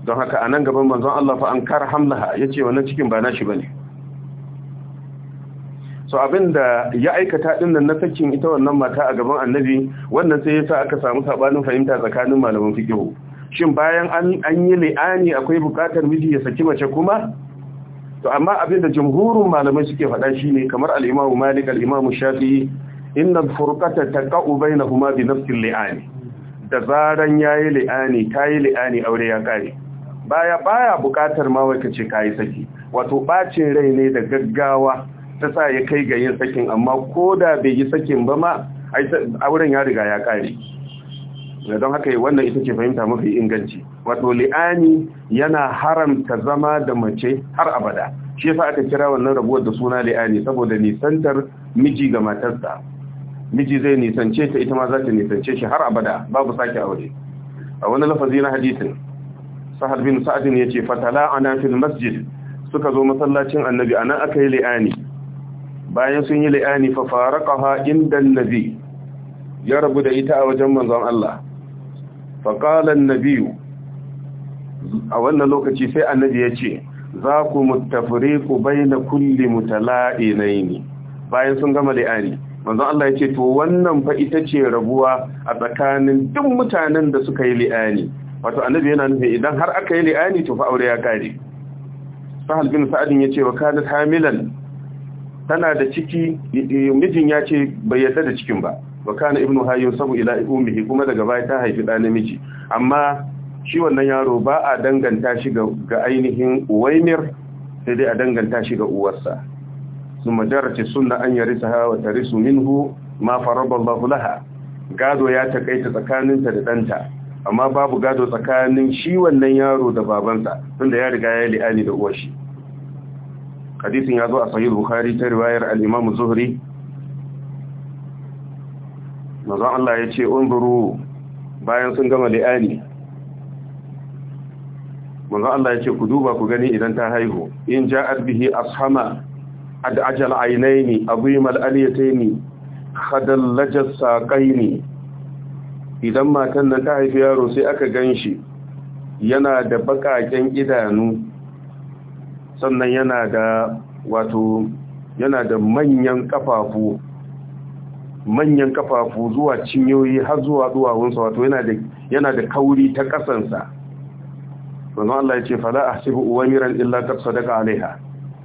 don haka a nan gaban manzon Allah fa an kar hamlaha ya ce wannan cikin ba nashi bane so abinda ya aikata din nan na sakin ita wannan mata a gaban annabi wannan sai yasa aka samu sabanin fahimta tsakanin malaman fiqh shin bayan an yi li'ani akwai bukatar miji ya saki mace kuma to amma abin da jumhurun malamai suke faɗa shine kamar al-Imam Malik al-Imam Shafi'i inna furqata taqa'u bainahuma bi nafsi li'ani da zaran yayi li'ani tayi li'ani aure ya kare baya baya bukatar ma wai kace kai saki wato ɓacin rai ne da gaggawa ta sa ya kai ga yin sakin amma ko da bai yi sakin ba ma auren ya riga ya kare don haka wannan ita ce fahimta mafi inganci wato li'ani yana haramta zama da mace har abada shi yasa aka kira wannan rabuwar da suna li'ani saboda nisantar miji ga matarsa miji zai nisance ta ita ma za ta nisance shi har abada babu sake aure a wani lafazi na hadisin sahal bin sa'ad ne yace fatala ana fil masjid suka zo masallacin annabi anan aka yi li'ani bayan sun yi li'ani fa faraqaha inda annabi ya rabu da ita a wajen manzon Allah faƙalan na biyu a wannan lokaci sai annabi ya ce za ku mutafure ku bai na kulle mutala'i na yini bayan sun gama li'ani manzon Allah ya ce to wannan fa ita ce rabuwa a tsakanin duk mutanen da suka yi li'ani wato annabi yana nufin idan har aka yi li'ani to fa aure ya kare sahal bin sa'adin ya ce wa kanat hamilan tana da ciki mijin ya ce bai yarda da cikin ba wa kana ibnu hayyun sabu ila ummihi kuma daga baya ta haifi da namiji amma shi wannan yaro ba a danganta shi ga ainihin uwaimir sai dai a danganta shi ga uwarsa sun jarati sunna an yarisaha wa tarisu minhu ma faraba Allahu laha gado ya takaita tsakaninta da danta amma babu gado tsakanin shi wannan yaro da babansa tunda ya riga ya li'ani da uwar shi hadisin ya zo a sahih bukhari ta riwayar al-imam zuhri manzon Allah ya ce unzuru bayan sun gama li'ani manzon Allah ya ce ku duba ku gani idan ta haihu in ja'at bihi ashama ad ajal aynaini al aliyataini lajas saqaini idan matan nan ta haifi yaro sai aka ganshi yana da bakaken idanu sannan yana da wato yana da manyan kafafu manyan kafafu zuwa cinyoyi har zuwa duwawunsa wato yana da kauri ta kasansa wanzu Allah ya ce fala ahsibu miran illa ta sadaka alaiha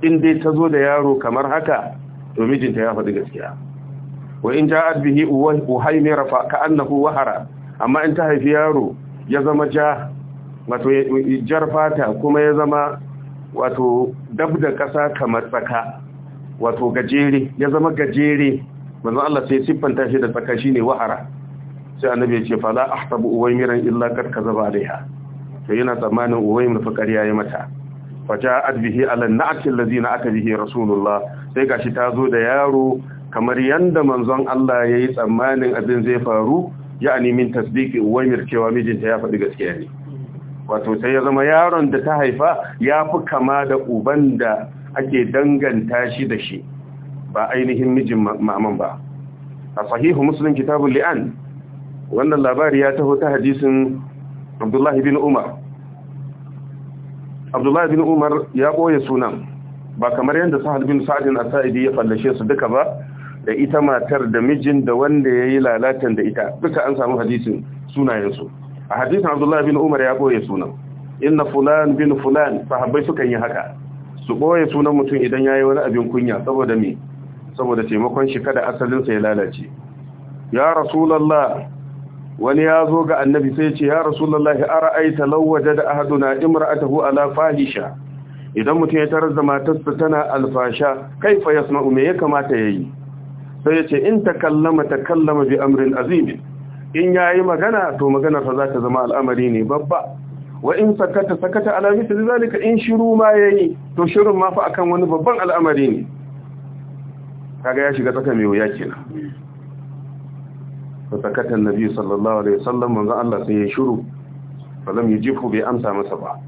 in dai ta zo da yaro kamar haka to mijinta ya faɗi gaskiya wa in ja'at bihi uhaymira fa ka'annahu wahara amma in ta haifi yaro ya zama ja wato jar fata kuma ya zama wato dab da ƙasa kamar tsaka wato gajere ya zama gajere manzo Allah sai siffanta shi da tsaka shine wahara sai annabi ya ce fala ahtabu uwaymiran illa kad kazaba alaiha to yana tsammanin uwaymir fa ƙarya ya mata faja'at bihi ala na'ati allazina aka bihi rasulullah sai gashi ta zo da yaro kamar yanda manzon Allah yayi tsammanin abin zai faru ya'ani min tasdiqi uwaymir cewa mijinta ya faɗi gaskiya ne wato sai ya zama yaron da ta haifa ya fi kama da uban da ake danganta shi da shi ba ainihin mijin maman ba a sahihu muslim kitabun li'an wannan labari ya taho ta hadisin abdullahi bin umar abdullahi bin umar ya ɓoye sunan ba kamar yadda sahal bin sa'adin asa'idi ya fallashe su duka ba da ita matar da mijin da wanda ya yi lalatan da ita duka an samu hadisin sunayensu a hadisin abdullahi bin umar ya ɓoye sunan inna fulan bin fulan sahabbai sukan yi haka su ɓoye sunan mutum idan ya yi wani abin kunya saboda me saboda taimakon shi kada asalinsa ya lalace ya rasulallah wani ya zo ga annabi sai ce ya rasulallah ara'aita lawaje da ahaduna imra'atahu ala fahisha idan mutum ya tarar da matarsa tana alfasha kaifa yasma'u me ya kamata yayi sai ya ce in takallama takallama bi amrin azim in yayi magana to maganar fa za ta zama al'amari ne babba wa in sakata sakata ala mithli zalika in shiru ma yayi to shirun ma fa akan wani babban al'amari ne kaga ya shiga tsakanin mai wuya kenan ko takata annabi sallallahu alaihi wasallam manzo Allah sai ya shiru fa lam yujibu bai amsa masa ba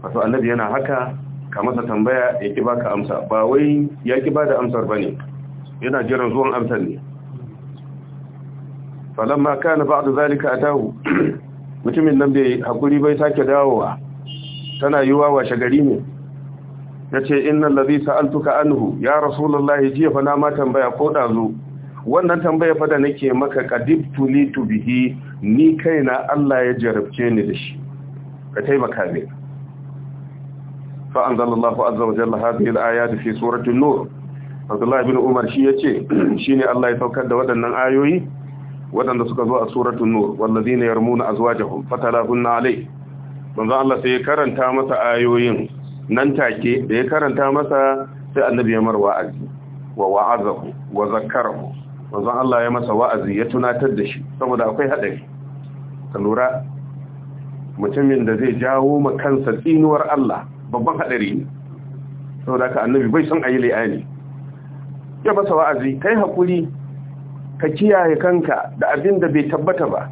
wato annabi yana haka ka masa tambaya ya ki baka amsa ba wai ya ki bada amsar bane yana jiran zuwan amsar ne ma kana ba'da zalika atahu mutumin nan bai hakuri bai sake dawowa tana yiwa washe gari ne ya ce inna lalzi sa'altuka anhu ya rasulullah jiya fa na ma tambaya ko ɗazu wannan tambaya fa da nake maka qadibtu li tubihi ni kaina Allah ya jarabce ni da shi ka taimaka ne fa anzalallahu azza wa jalla hadhihi al-ayat fi surati an-nur Abdullah ibn Umar shi yace shine Allah ya saukar da waɗannan ayoyi waɗanda suka zo a suratul nur wallazina yarmuna azwajahum fatalahunna alayhi manzo Allah sai karanta masa ayoyin nan take da ya karanta masa sai annabi ya mar wa'azi wa wa'azahu wa zakkarahu manzon Allah ya masa wa'azi ya tunatar da shi saboda akwai hadari ka lura mutumin da zai jawo ma kansa tsinuwar Allah babban hadari ne saboda ka annabi bai san ayi lai'ani ya masa wa'azi kai hakuri ka kiyaye kanka da abin da bai tabbata ba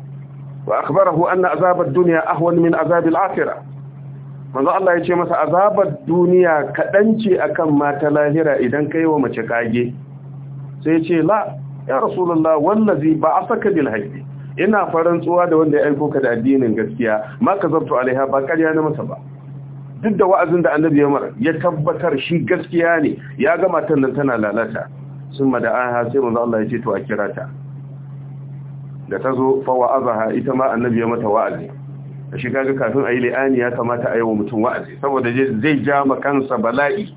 wa akhbarahu anna azab ad-dunya ahwan min azab al-akhirah manzo Allah ya ce masa azabar duniya kaɗan ce akan mata lahira idan kai wa mace kage sai ce la ya rasulullah wallazi ba asaka bil haqqi ina faran da wanda ya aiko ka da addinin gaskiya ma ka kazabtu alaiha ba karya na masa ba duk da wa'azin da annabi ya mara ya tabbatar shi gaskiya ne ya ga matan nan tana lalata sun ma da ha sai manzo Allah ya ce to a kira ta da tazo fa wa'azaha ita ma annabi ya mata wa'azi da shi ga kafin a yi la'ani ya kamata a yi wa mutum wa'azi saboda zai ja ma kansa bala'i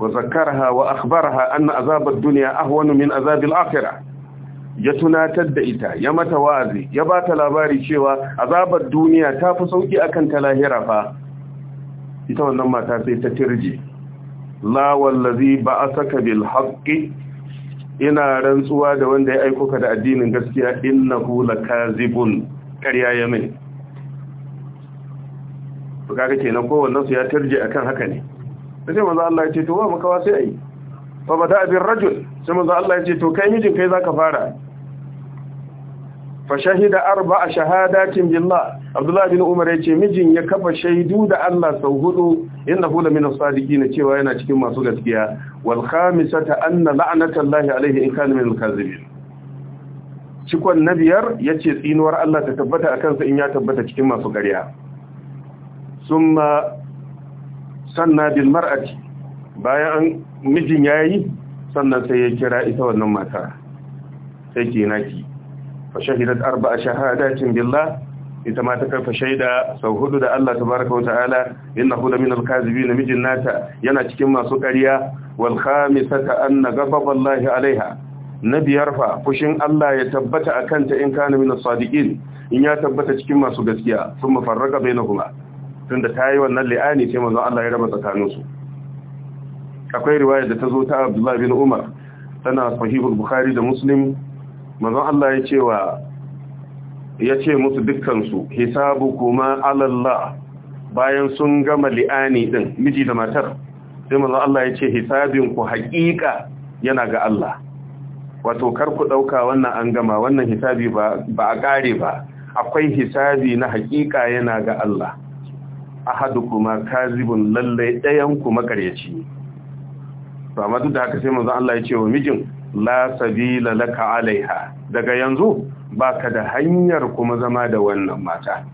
wa zakarha wa akhbaraha anna azab ad ahwanu min azab akhirah ya tunatar da ita ya mata wa'azi ya ba ta labari cewa azabar duniya ta fi sauki akan ta lahira fa ita wannan mata sai ta tirje la wallazi ba'asaka bil haqqi ina rantsuwa da wanda ya aiko ka da addinin gaskiya innahu lakazibun ƙarya ya mini to kaga kenan kowannen su ya tarje akan haka ne sai maza Allah ya ce to ba makawa sai ayi fa bada abin rajul sai maza Allah ya ce to kai mijin kai zaka fara fa shahida arba'a shahadatin billah Abdullah bin Umar ya ce mijin ya kafa shaidu da Allah sau hudu innahu la min as-sadiqin cewa yana cikin masu gaskiya wal khamisata anna la'nata alaihi in kana min al-kazibin cikon na biyar ya ce tsinuwar Allah ta tabbata a kansa in ya tabbata cikin masu ƙarya sun ma sanna bil mar'ati bayan mijin ya yi sannan sai ya kira ita wannan mata sai ke naki fa shahidat arba'a shahadatin billah ita ma ta karfa shaida sau hudu da Allah baraka wa ta'ala innahu la min al na mijin nata yana cikin masu ƙarya wal khamisata anna ghadaballahi alaiha na biyar fa fushin Allah ya tabbata a kanta in kana min sadiqin in ya tabbata cikin masu gaskiya sun mafarraka kuma. tunda ta yi wannan li'ani sai mazan Allah ya raba tsakaninsu akwai riwaya da ta zo ta Abdullah bin Umar tana sahihul Bukhari da Muslim Mazan Allah ya ce wa ya ce musu dukkansu hisabu kuma alallah bayan sun gama li'ani din miji da matar sai mazan Allah ya ce hisabin ku haƙiƙa yana ga Allah wato kar ku ɗauka wannan an gama wannan hisabi ba a kare ba akwai hisabi na haƙiƙa yana ga Allah ahadu kuma kazibun lallai dayan kuma ƙaryaci To amma duk da haka sai manzo Allah ya ce wa mijin la sabila laka alaiha daga yanzu baka da hanyar kuma zama da wannan mata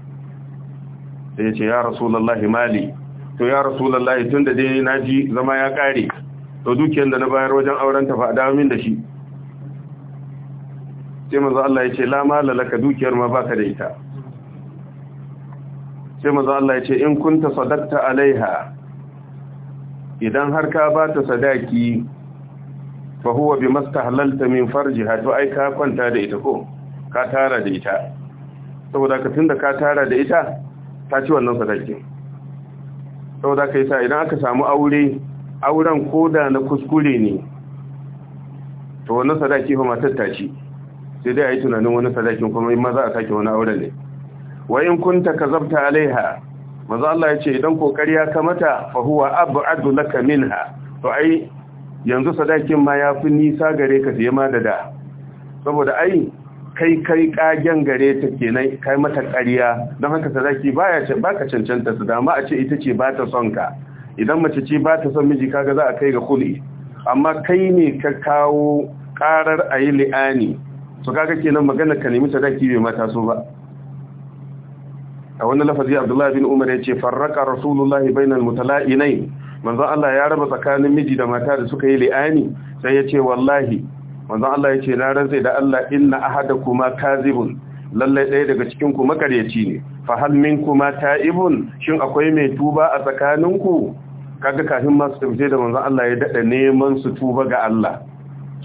sai ya ce ya rasulullahi mali to ya rasulullahi tunda dai naji zama ya kare. to dukiyar da na bayar wajen auren ta fa da shi sai maza Allah ya ce la mala laka dukiyar ma baka da ita sai maza Allah ya ce in kunta sadaqta alaiha idan har ka ba ta sadaki fa huwa bi mastahlalta min farjiha to ai ka kwanta da ita ko ka tara da ita saboda ka tunda ka tara da ita ta ci wannan sadaki. saboda ka yasa idan aka samu aure auren koda na kuskure ne to wannan sadaki fa matar ta ci sai dai a yi tunanin wani sadakin kuma yi maza a sake wani auren ne wa in kunta kazabta alaiha maza Allah ya ce idan kokari ya kamata fa huwa na laka minha to ai yanzu sadakin ma ya fi nisa gare ka fiye ma da da saboda ai kai kai kagen gare ta kenan kai mata ƙarya don haka sadaki baya ce baka cancanta su dama a ce ita ce ba ta son ka idan mace ce ba ta son miji kaga za a kai ga kuli amma kai ne ka kawo karar ayi li'ani to kaga kenan magana ka nemi sadaki bai mata so ba a wani lafazi Abdullahi bin Umar ya ce farraka Rasulullahi bainal mutala'inai manzo Allah ya raba tsakanin miji da mata da suka yi li'ani sai ya ce wallahi manzo Allah ya ce na rantsa da Allah inna kuma kazibun lalle ɗaya daga cikin ku makaryaci ne fa hal ma ta'ibun shin akwai mai tuba a tsakaninku kaga kafin ma su da manzo Allah ya dada neman su tuba ga Allah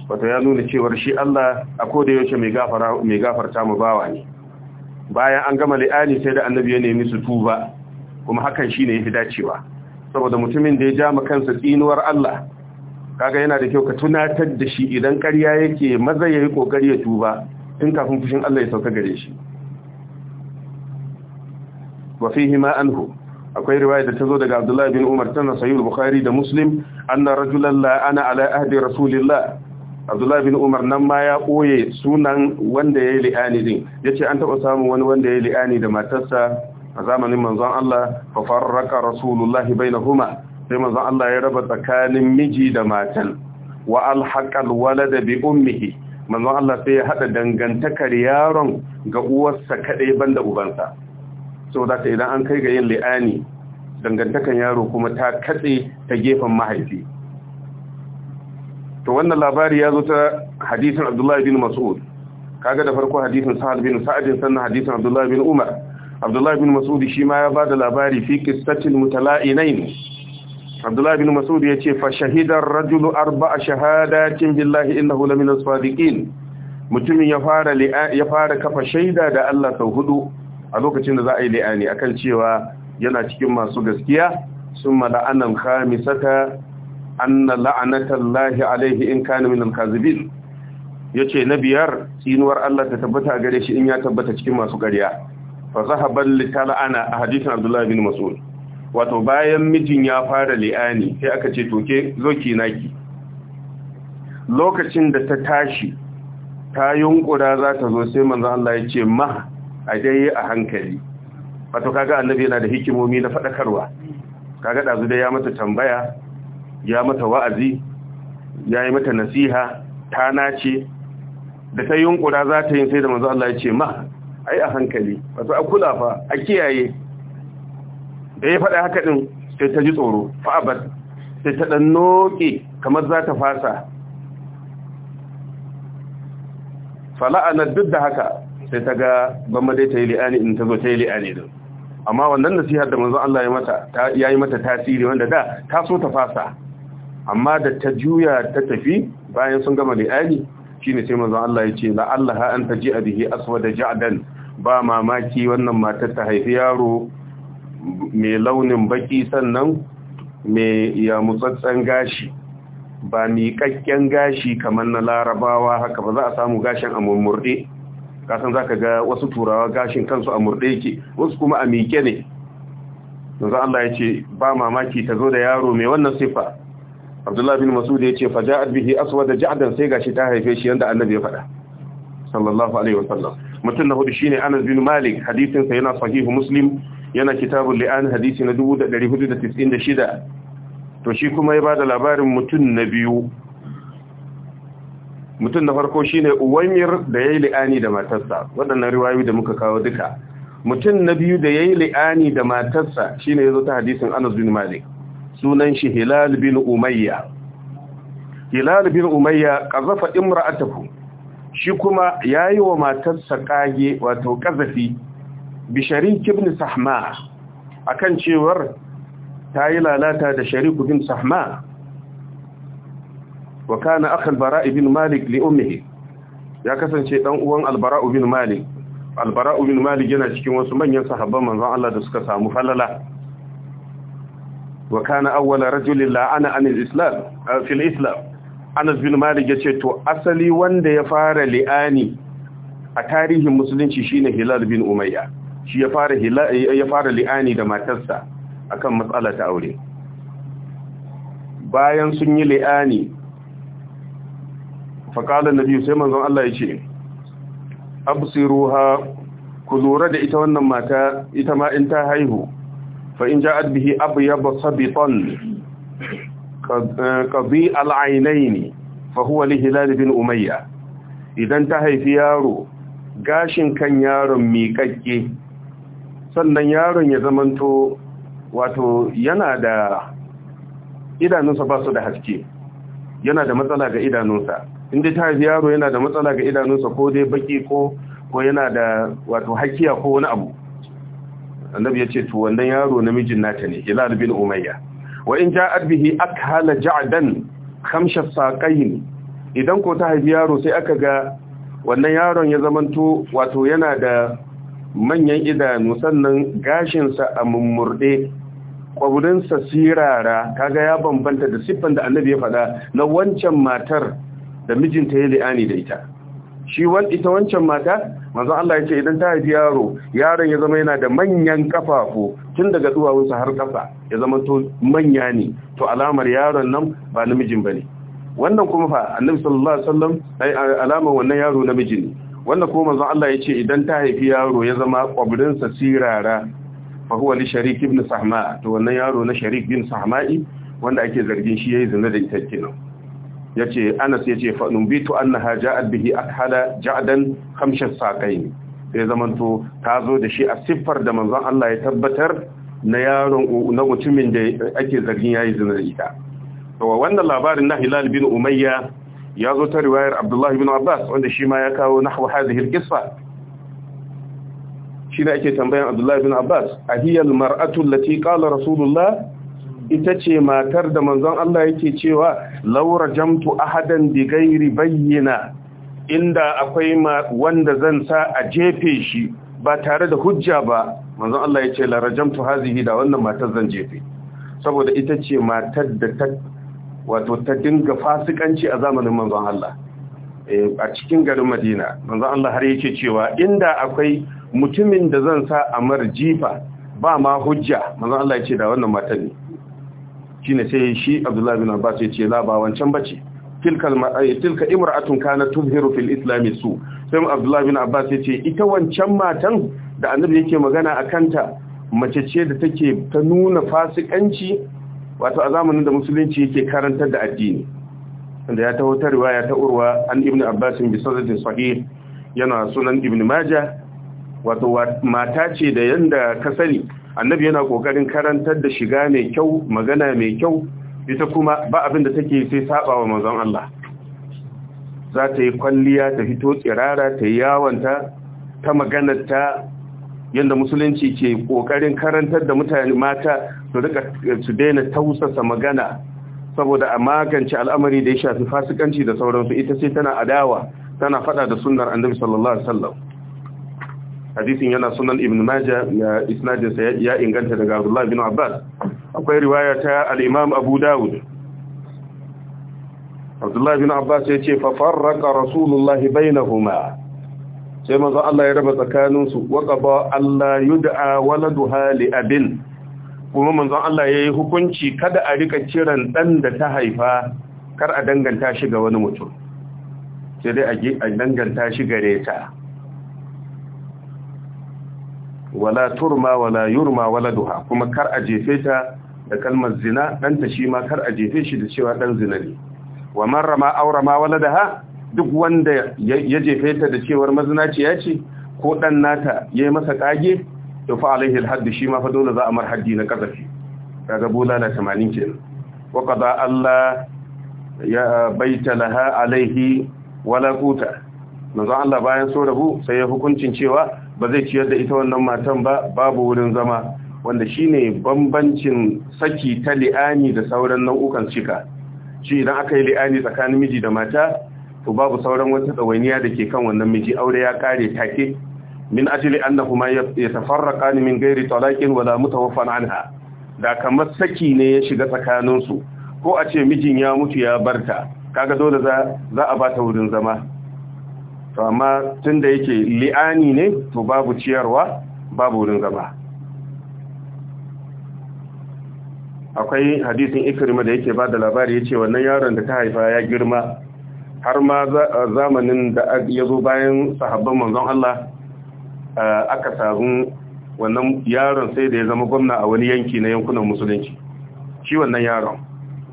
wato ya nuna cewar shi Allah a koda yaushe mai mai gafarta mu bawa ne bayan an gama li'ani sai da annabi ya nemi su tuba kuma hakan shi shine yafi dacewa saboda mutumin da ya ja ma kansa tsinuwar Allah kaga yana da kyau ka tunatar da shi idan ƙarya yake maza yayi kokari ya tuba in kafin fushin Allah ya sauka gare shi wa fihi ma anhu akwai riwaya da ta zo daga Abdullah bin Umar tana sahih al-Bukhari da Muslim anna rajulan la ana ala ahdi rasulillah abdullahi bin umar nan ma ya ɓoye sunan wanda ya yi li'ani din ya ce an taɓa samun wani wanda ya yi li'ani da matarsa a zamanin manzon Allah fa farraka rasulullahi bainahuma sai manzon Allah ya raba tsakanin miji da matan wa alhaqal walada bi ummihi manzon Allah sai ya hada dangantakar yaron ga uwarsa kadai banda ubansa saboda ta idan an kai ga yin li'ani dangantakan yaro kuma ta katse ta gefen mahaifi to wannan labari ya zo ta hadisin abdullahi bin mas'ud kaga da farko hadisin sa'ad bin sa'ad sannan hadisin abdullahi bin umar abdullahi bin mas'ud shi ma ya ba da labari fi qissatil mutala'inain abdullahi bin mas'ud ya ce fa shahidar rajulu arba'a shahadatin billahi innahu lamin as-sadiqin mutumin ya fara ya fara kafa shaida da Allah sau hudu a lokacin da za a yi li'ani akan cewa yana cikin masu gaskiya summa la'anan khamisata anna la'anatallahi alaihi in kana min al-kazibin yace na biyar tsinuwar Allah ta tabbata gare shi in ya tabbata cikin masu ƙarya fa zahaban la'ana a hadisin Abdullah bin Mas'ud wato bayan mijin ya fara li'ani sai aka ce toke ki naki lokacin da ta tashi ta yunkura za ta zo sai manzo Allah ya ce ma a dai a hankali wato kaga annabi yana da hikimomi na fadakarwa kaga dazu da ya mata tambaya ya mata wa'azi ya yi mata nasiha ta nace da ta yunkura za ta yin sai da mazu Allah ya ce ma yi a hankali wato a kula fa a kiyaye da ya faɗa haka din sai ta ji tsoro fa’abar sai ta dan noƙe kamar za ta fasa fala'ana duk da haka sai ta ga bamba dai ta yi li'ani in ta zo ta yi li'ani din amma wannan nasihar da manzo Allah ya yi mata tasiri wanda da ta so ta fasa amma da ta juya ta tafi bayan sun gama li'ani shine sai manzon Allah ya ce la'allaha an taji'a bihi aswada ja'dan ba mamaki wannan matar ta haifi yaro mai launin baki sannan mai yamutsatsen gashi ba miƙaƙƙen gashi kamar na larabawa haka ba za a samu gashin a murmurɗe kasan za ka ga wasu turawa gashin kansu a murɗe yake wasu kuma a miƙe ne yanzu Allah ya ce ba mamaki ta zo da yaro mai wannan sifa abdullahi bin masud ya ce fa ja'at bihi aswad ja'dan sai gashi ta haife shi yanda annabi ya faɗa sallallahu alaihi wasallam mutum na hudu shine anas bin malik hadisin sa yana sahih muslim yana kitabul li'an hadisi na 1496 to shi kuma ya bada labarin mutum na biyu mutum na farko shine uwaymir da yayi li'ani da matarsa waɗannan riwayoyi da muka kawo duka mutum na biyu da yayi li'ani da matarsa shine yazo ta hadisin anas bin malik sunan shi hilal bin umayya hilal bin umayya kazafa imra'atahu shi kuma yayi wa matarsa kage wato kazafi bi sharik ibn sahma akan cewar tayi lalata da sharik ibn sahma wa kana bara ibn malik li ummihi ya kasance dan uwan albara ibn malik albara ibn malik yana cikin wasu manyan sahabban manzon Allah da suka samu falala wa kana awwala rajulin la'ana anil islam fil islam Anas bin Malik yace to asali wanda ya fara li'ani a tarihin musulunci shine Hilal bin Umayya shi ya fara ya fara li'ani da matarsa akan matsalar ta aure bayan sun yi li'ani kala nabi sai manzon Allah ya ce absiruha ku lura da ita wannan mata ita ma in ta haihu fa in ja'at bihi abyab sabitan qadi al-aynayn fa huwa li hilal bin umayya idan ta haifi yaro gashin kan yaron miƙaƙƙe sannan yaron ya zamanto wato yana da idanunsa ba su da haske yana da matsala ga idanunsa inda ta haifi yaro yana da matsala ga idanunsa ko dai baki ko yana da wato hakiya ko wani abu annabi ya ce to wannan yaro na namijin nata ne hilal bin umayya wa in ja'at bihi akhala ja'dan khamsha saqayn idan ko ta haifi yaro sai aka ga wannan yaron ya zamanto wato yana da manyan idanu sannan gashinsa a mummurde sa sirara kaga ya bambanta da siffan da annabi ya faɗa na wancan matar da mijinta ya li'ani da ita shi ita wancan mata manzon Allah ya ce idan ta haifi yaro yaron ya zama yana da manyan kafafu tun daga duwawunsa har kafa ya zama to manya ne to alamar yaron nan ba namijin bane wannan kuma fa annabi sallallahu alaihi wasallam ai alamar wannan yaro namiji ne wannan kuma manzon Allah ya ce idan ta haifi yaro ya zama kwabrin sa sirara fa huwa li sharik ibn sahma to wannan yaro na sharik bin sahma'i wanda ake zargin shi yayi zina da ita kenan yace Anas ya yace fa numbitu annaha ja'at bihi akhada ja'dan saƙai ne. sai zamanto ta zo da shi a siffar da manzon Allah ya tabbatar na yaron na mutumin da ake zargin yayi zina da ita to wannan labarin na Hilal bin Umayya ya zo ta riwayar Abdullah bin Abbas wanda shi ma ya kawo nahwa hadhihi al-qissa shi ne ake tambayan Abdullah bin Abbas ahiyal mar'atu allati qala rasulullah ita ce matar da manzon Allah yake cewa laura jamtu ahadan bi ghairi bayyana inda akwai wanda zan sa a jefe shi ba tare da hujja ba manzon Allah ya ce la rajamtu hazihi da wannan matar zan jefe saboda ita ce matar da ta wato ta dinga fasikanci a zamanin manzon Allah eh, a cikin garin Madina manzon Allah har yake cewa inda akwai mutumin da zan sa a marjifa ba ma hujja manzon Allah ya ce da wannan matar ne shine sai shi Abdullah bin Abbas ya ce la ba wancan bace tilka eh, tilka imra'atun kana tubhiru fil islam su sai Abdullah bin Abbas ya ce ita wancan matan da annabi yake magana a kanta mace ce da take ta nuna fasikanci wato a zamanin da musulunci yake karantar da addini da ya taho ta riwaya ta urwa an ibnu Abbas bi sanadin sahih yana sunan ibnu Majah wato mata ce da yanda ka sani annabi yana kokarin karantar da shiga mai kyau magana mai kyau ita kuma ba abin da take sai saba wa manzon Allah za ta yi kwalliya ta fito tsirara ta yi yawanta ta ta. yadda musulunci ke kokarin karantar da mutane mata su rika su daina tausasa magana saboda a magance al'amari da ya shafi fasikanci da sauransu ita sai tana adawa tana fada da sunnar annabi sallallahu alaihi wasallam hadisin yana sunan ibn majah ya isnadinsa ya inganta daga Abdullahi bin abbas akwai riwaya ta al-imam abu dawud Abdullahi bin abbas ya ce fafarraka rasulullahi bainahuma sai manzo Allah ya raba tsakanin su wa qaba Allah yud'a waladuha li abin kuma manzo Allah ya yi hukunci kada a rika kiran ɗan da ta haifa kar a danganta shi ga wani mutum sai dai a danganta shi gare ta wala turma wala yurma wala duha kuma kar a jefe ta da kalmar zina ɗanta shi ma kar a jefe shi da cewa ɗan zina ne wa man rama aurama wala daha duk wanda ya jefe ta da cewar mazinaciya ce ko ɗan nata yayi masa ƙage to fa alaihi alhadd shi ma fa dole za a mar haddi na kazafi kaga bulala 80 kenan wa qada Allah ya baita laha alaihi wala quta manzo Allah bayan so rabu sai ya hukuncin cewa ba zai ciyar da ita wannan matan ba babu wurin zama wanda shine bambancin saki ta li'ani da sauran nau'ukan cika shi idan aka yi li'ani tsakanin miji da mata to babu sauran wata tsawainiya da ke kan wannan miji aure ya kare take min ajli annahuma yatafarraqan min ghairi talaqin wala mutawaffan anha da kamar saki ne ya shiga tsakaninsu ko a ce mijin ya mutu ya barta kaga dole za za a bata wurin zama to amma tun da yake li'ani ne to babu ciyarwa babu wurin zama akwai hadisin ikirma da yake ba da labari ya ce wannan yaron da ta haifa ya girma har ma zamanin da ya zo bayan sahabban manzon Allah aka samu wannan yaron sai da ya zama gwamna a wani yanki na yankunan musulunci shi wannan yaron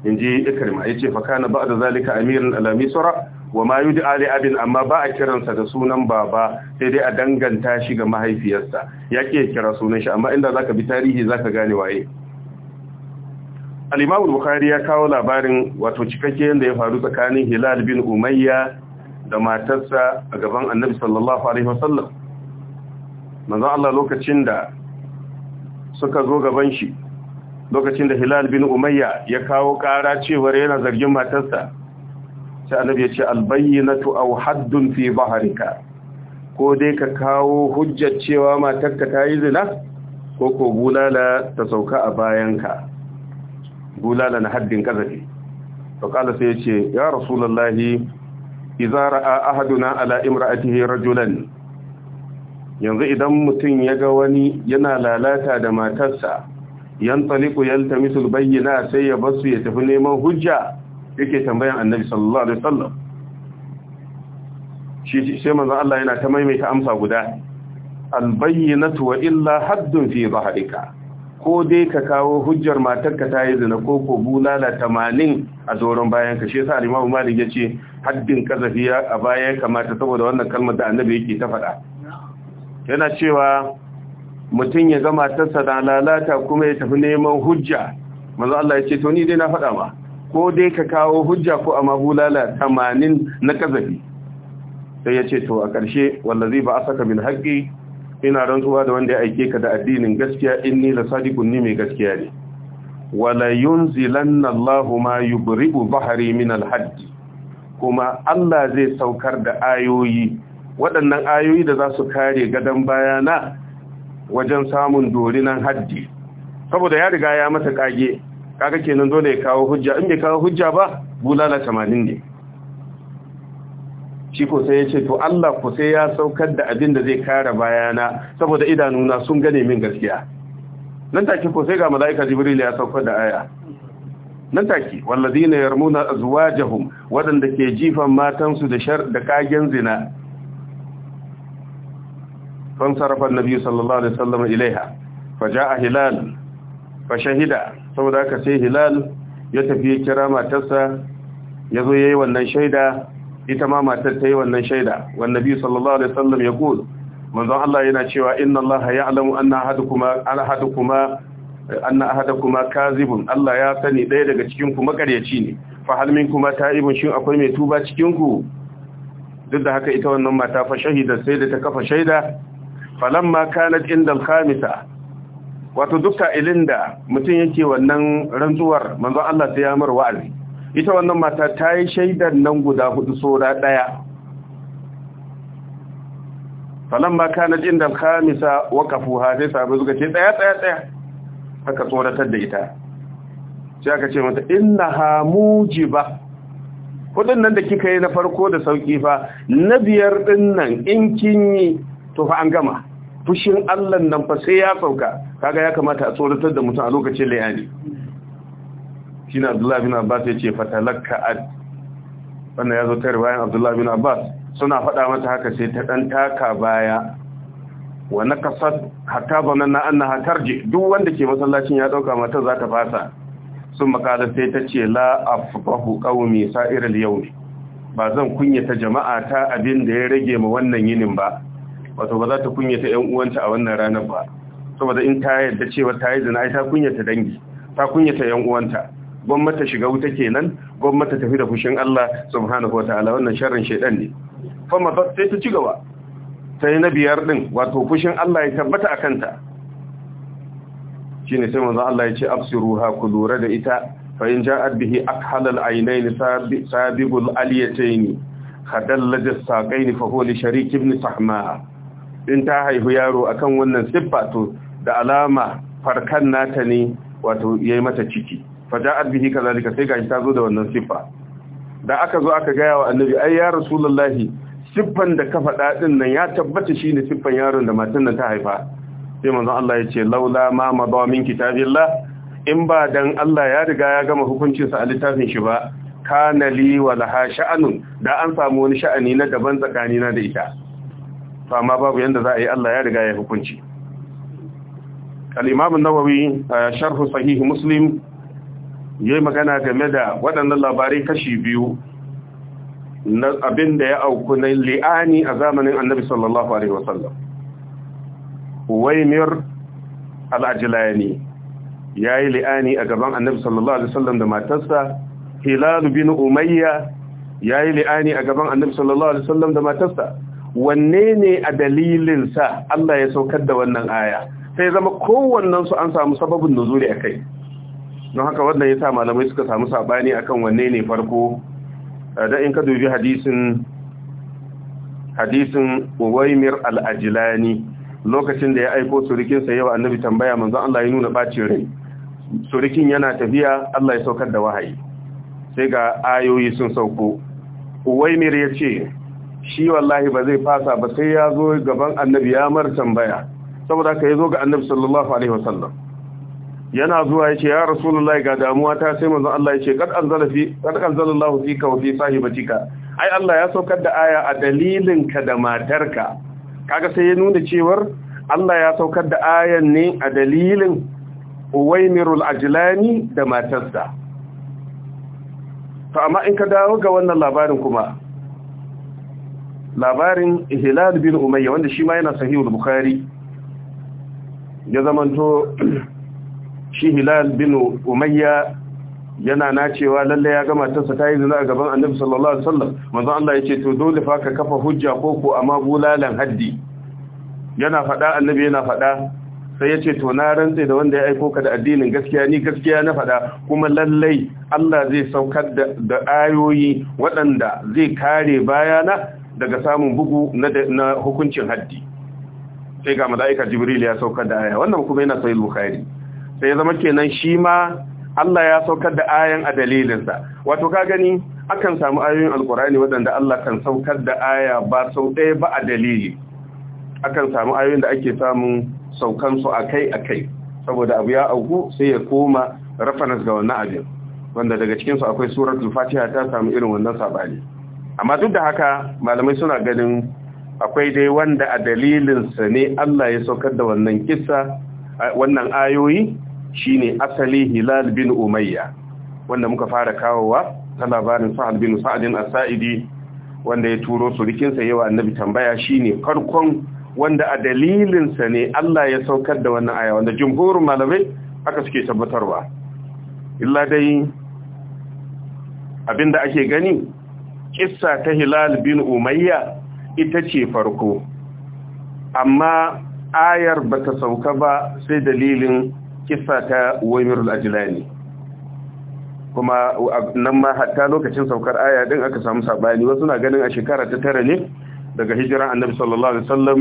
in ji ikirma ya ce fakana ba da zalika amirin alamisura wa ma yi ali abin amma ba a kiransa da sunan baba sai dai a danganta shi ga mahaifiyarsa ya ke kira sunan shi amma inda zaka bi tarihi zaka gane waye al-imam bukhari ya kawo labarin wato cikakke yanda ya faru tsakanin hilal bin umayya da matarsa a gaban annabi sallallahu alaihi wasallam manzo Allah lokacin da suka zo gaban shi lokacin da hilal bin umayya ya kawo kara cewa yana zargin matarsa sai annabi ya ce albayyinatu aw haddun fi bahrika ko dai ka kawo hujjar cewa matarka ta yi zina ko ko bulala ta sauka a bayanka bulala na haddin kazafi to kala sai ya ce ya rasulullahi idza ra'a ahaduna ala imra'atihi rajulan yanzu idan mutum ya ga wani yana lalata da matarsa yan taliku yaltamisul bayyana sai ya basu ya tafi neman hujja yake tambayan annabi sallallahu alaihi wasallam shi sai manzo Allah yana ta maimaita amsa guda albayyinatu wa illa haddun fi dhahrika ko dai ka kawo hujjar matarka ta yi zina ko ko bulala tamanin a doron bayan ka shi yasa al-Imam Malik ce haddin kazafiya a baya kamata saboda wannan kalmar da annabi yake ta faɗa yana cewa mutum ya gama matarsa da lalata kuma ya tafi neman hujja manzo Allah ya ce to ni dai na faɗa ma ko dai ka kawo hujja ko a mahulala 80 na kazafi sai ya ce to a ƙarshe wallazi ba a saka min haƙƙi? ina rantsuwa da wanda ya aike ka da addinin gaskiya in ni da sadiqun ni mai gaskiya ne wala yunzilanna Allahu ma yubribu bahri min al kuma Allah zai saukar da ayoyi waɗannan ayoyi da za su kare gadon bayana wajen samun dorinan haddi saboda ya riga ya mata kage kaga kenan dole ya kawo hujja in bai kawo hujja ba bulala tamanin ne shi ko sai ya ce to Allah ko sai ya saukar da abin da zai kare bayana saboda idanuna sun gane min gaskiya nan take ko sai ga malaika jibril ya saukar da aya nan take walladina yarmuna azwajahum wadanda ke jifan matansu da shar da kagen zina fan sarafa annabi sallallahu alaihi wasallam ilaiha fa jaa hilal fa shahida. saboda aka sai hilal ya tafi kira matarsa ya zo ya yi wannan shaida ita ma matar ta yi wannan shaida wannabi sallallahu alaihi sallam ya kula manzon Allah yana cewa inna Allah ya'lamu anna ahadukuma ahadukuma kazibun Allah ya sani ɗaya daga cikin makaryaci ne fa hal minkuma ta'ibun akwai mai tuba cikin ku duk da haka ita wannan mata fa shahida sai da ta kafa shaida falamma kanat inda al-khamisa wato duk ilin da mutum yake wannan rantsuwar manzon Allah ta yamar wa'azi ita wannan mata ta yi shaidar nan guda hudu sora daya falan ma kana jin da khamisa waqafu ha sai sabu suka ce daya daya daya haka tsoratar da ita sai aka ce mata innaha mujiba hudun nan da kika yi na farko da sauki fa na biyar ɗinnan in kin yi to fa an gama fushin Allah nan fa sai ya sauka kaga ya kamata a tsoratar da mutum a lokacin layani shine Abdullah bin Abbas ya ce fatalakka wannan ya zo ta riwayan Abdullah bin Abbas suna faɗa mata haka sai ta dan taka baya wa naqasat hatta bananna annaha tarji duk wanda ke masallacin ya dauka mata za ta fasa sun makala sai ta ce la afbahu qaumi sa'iril yawmi ba zan kunyata jama'a ta abin da ya rage ma wannan yinin ba wato ba za ta kunyata yan uwanta a wannan ranar ba saboda in ta yarda cewa ta yi zina ai ta kunyata dangi ta kunyata yan uwanta gwamnati shiga wuta kenan gwamnati tafi da fushin Allah subhanahu wataala wannan sharrin shedan ne fama ba sai ta ci gaba sai na biyar din wato fushin Allah ya tabbata a akan ta shine sai manzo Allah ya ce absiruha ku lura da ita fa in ja'at bihi akhalal aynayn sabibul aliyatayn khadallaj as-saqayn fa huwa li sharik ibn sahma in ta haihu yaro akan wannan siffa to da alama farkan nata ne wato ya yi mata ciki faja'at ka kazalika sai gashi ta zo da wannan siffa da aka zo aka gaya wa annabi ai ya rasulullahi siffan da ka faɗa ɗin nan ya tabbata shi ne siffan yaron da matan nan ta haifa sai manzon Allah ya ce laula ma ba min kitabillah in ba dan Allah ya riga ya gama hukuncinsa a littafin shi ba kana li wa da an samu wani sha'ani na daban tsakanina da ita to amma babu yanda za a yi Allah ya riga ya hukunci al-imam an-nawawi sharh sahih muslim yi magana game da waɗannan labarai kashi biyu na abin da ya auku na li'ani a zamanin annabi sallallahu alaihi wasallam waimir al ya yi li'ani a gaban annabi sallallahu alaihi wasallam da matarsa hilal bin umayya yayi li'ani a gaban annabi sallallahu alaihi wasallam da matarsa wanne ne a dalilinsa Allah ya saukar da wannan aya sai zama su an samu sababin nuzuri a kai don haka wannan ya sa malamai suka samu sabani akan wanne ne farko da in ka dubi hadisin hadisin Uwaymir al-Ajlani lokacin da ya aiko surikin sa yawa annabi tambaya manzon Allah ya nuna bacin rai surikin yana tafiya Allah ya saukar da wahayi sai ga ayoyi sun sauko Uwaymir ya ce shi wallahi ba zai fasa ba sai ya zo gaban annabi ya mar tambaya saboda ka zo ga annabi sallallahu alaihi wasallam yana zuwa yace ya rasulullahi ga damuwa ta sai manzo Allah yace kad anzala fi kad fika wa fi sahibatika ai Allah ya saukar da aya a dalilin ka da matarka kaga sai ya nuna cewar Allah ya saukar da ayan ne a dalilin Uwaimirul Ajlani da matarsa to amma in ka dawo ga wannan labarin kuma labarin hilal bin umayya wanda shi ma yana sahihul bukhari ya zamanto shi hilal bin umayya yana na cewa lalle ya gama tansa ta yi zina a gaban annabi sallallahu alaihi wasallam manzon Allah ya ce to dole fa ka kafa hujja ko ko amma bulalan haddi yana fada annabi yana fada sai ya to na rantse da wanda ya aiko ka da addinin gaskiya ni gaskiya na fada kuma lallai Allah zai saukar da ayoyi waɗanda zai kare bayana daga samun bugu na hukuncin haddi sai ga mala'ika jibril ya saukar da aya wannan kuma yana sai bukhari sai ya zama kenan shi ma Allah ya saukar da ayan a dalilinsa wato ka gani akan samu ayoyin alkurani waɗanda Allah kan saukar da aya ba sau ɗaya ba a dalili akan samu ayoyin da ake samun saukansu a kai a kai saboda abu ya auku sai ya koma rafanas ga wannan abin wanda daga cikinsu akwai suratul fatiha ta samu irin wannan saɓani amma duk da haka malamai suna ganin akwai dai wanda a dalilinsa ne Allah ya saukar da wannan kissa wannan ayoyi shine asali Hilal bin Umayya wanda muka fara kawowa ta labarin Sa'ad bin Sa'adin As-Sa'idi wanda ya turo surikinsa yawa annabi tambaya shine farkon wanda a dalilinsa ne Allah ya saukar da wannan aya wanda jumhurin malamai aka suke tabbatarwa illa dai abinda ake gani kissa ta hilal bin umayya ita ce farko amma ayar ba ta sauka ba sai dalilin kissa ta wamirul ajilani kuma nan ma hatta lokacin saukar aya din aka samu sabani wasu na ganin a shekara ta tara ne daga hijiran annabi sallallahu alaihi wasallam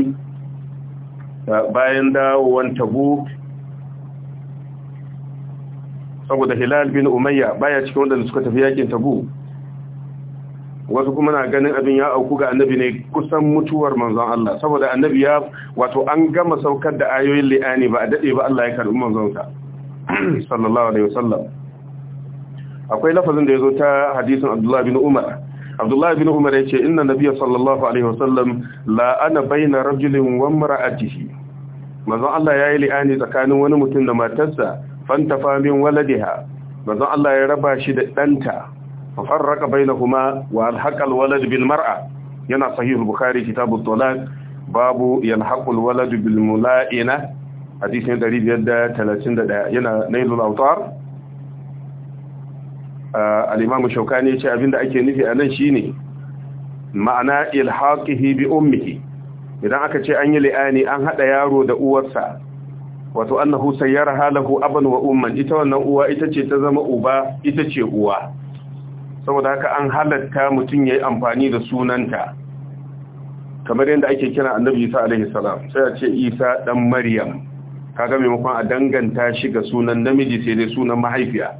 bayan dawowan tabu saboda hilal bin umayya baya cikin wanda suka tafi yakin tabu wasu kuma na ganin abin ya auku ga annabi ne kusan mutuwar manzon Allah saboda annabi ya wato an gama saukar da ayoyin li'ani ba a dade ba Allah ya karbi manzonsa sallallahu alaihi wasallam akwai lafazin da yazo ta hadisin Abdullah bin Umar Abdullah bin Umar yace inna nabiyya sallallahu alaihi wasallam la ana baina rajulin wa imra'atihi manzon Allah yayi li'ani tsakanin wani mutum da matarsa fantafa min waladiha manzon Allah ya raba shi da danta fa farraqa bainahuma wa alhaqa alwalad bil mar'a yana sahih al-bukhari kitab at-talaq babu yalhaqu alwalad bil mula'ina hadisin 531 yana nailul awtar al-imam shaukani yace abinda ake nufi anan shine ma'ana ilhaqihi bi ummihi idan aka ce an yi li'ani an haɗa yaro da uwarsa wato annahu sayyara halahu aban wa umman ita wannan uwa ita ce ta zama uba ita ce uwa saboda haka an halatta mutum ya yi amfani da sunanta kamar yadda ake kira annabi isa alaihi sai a ce isa dan maryam kaga maimakon a danganta shi ga sunan namiji sai dai sunan mahaifiya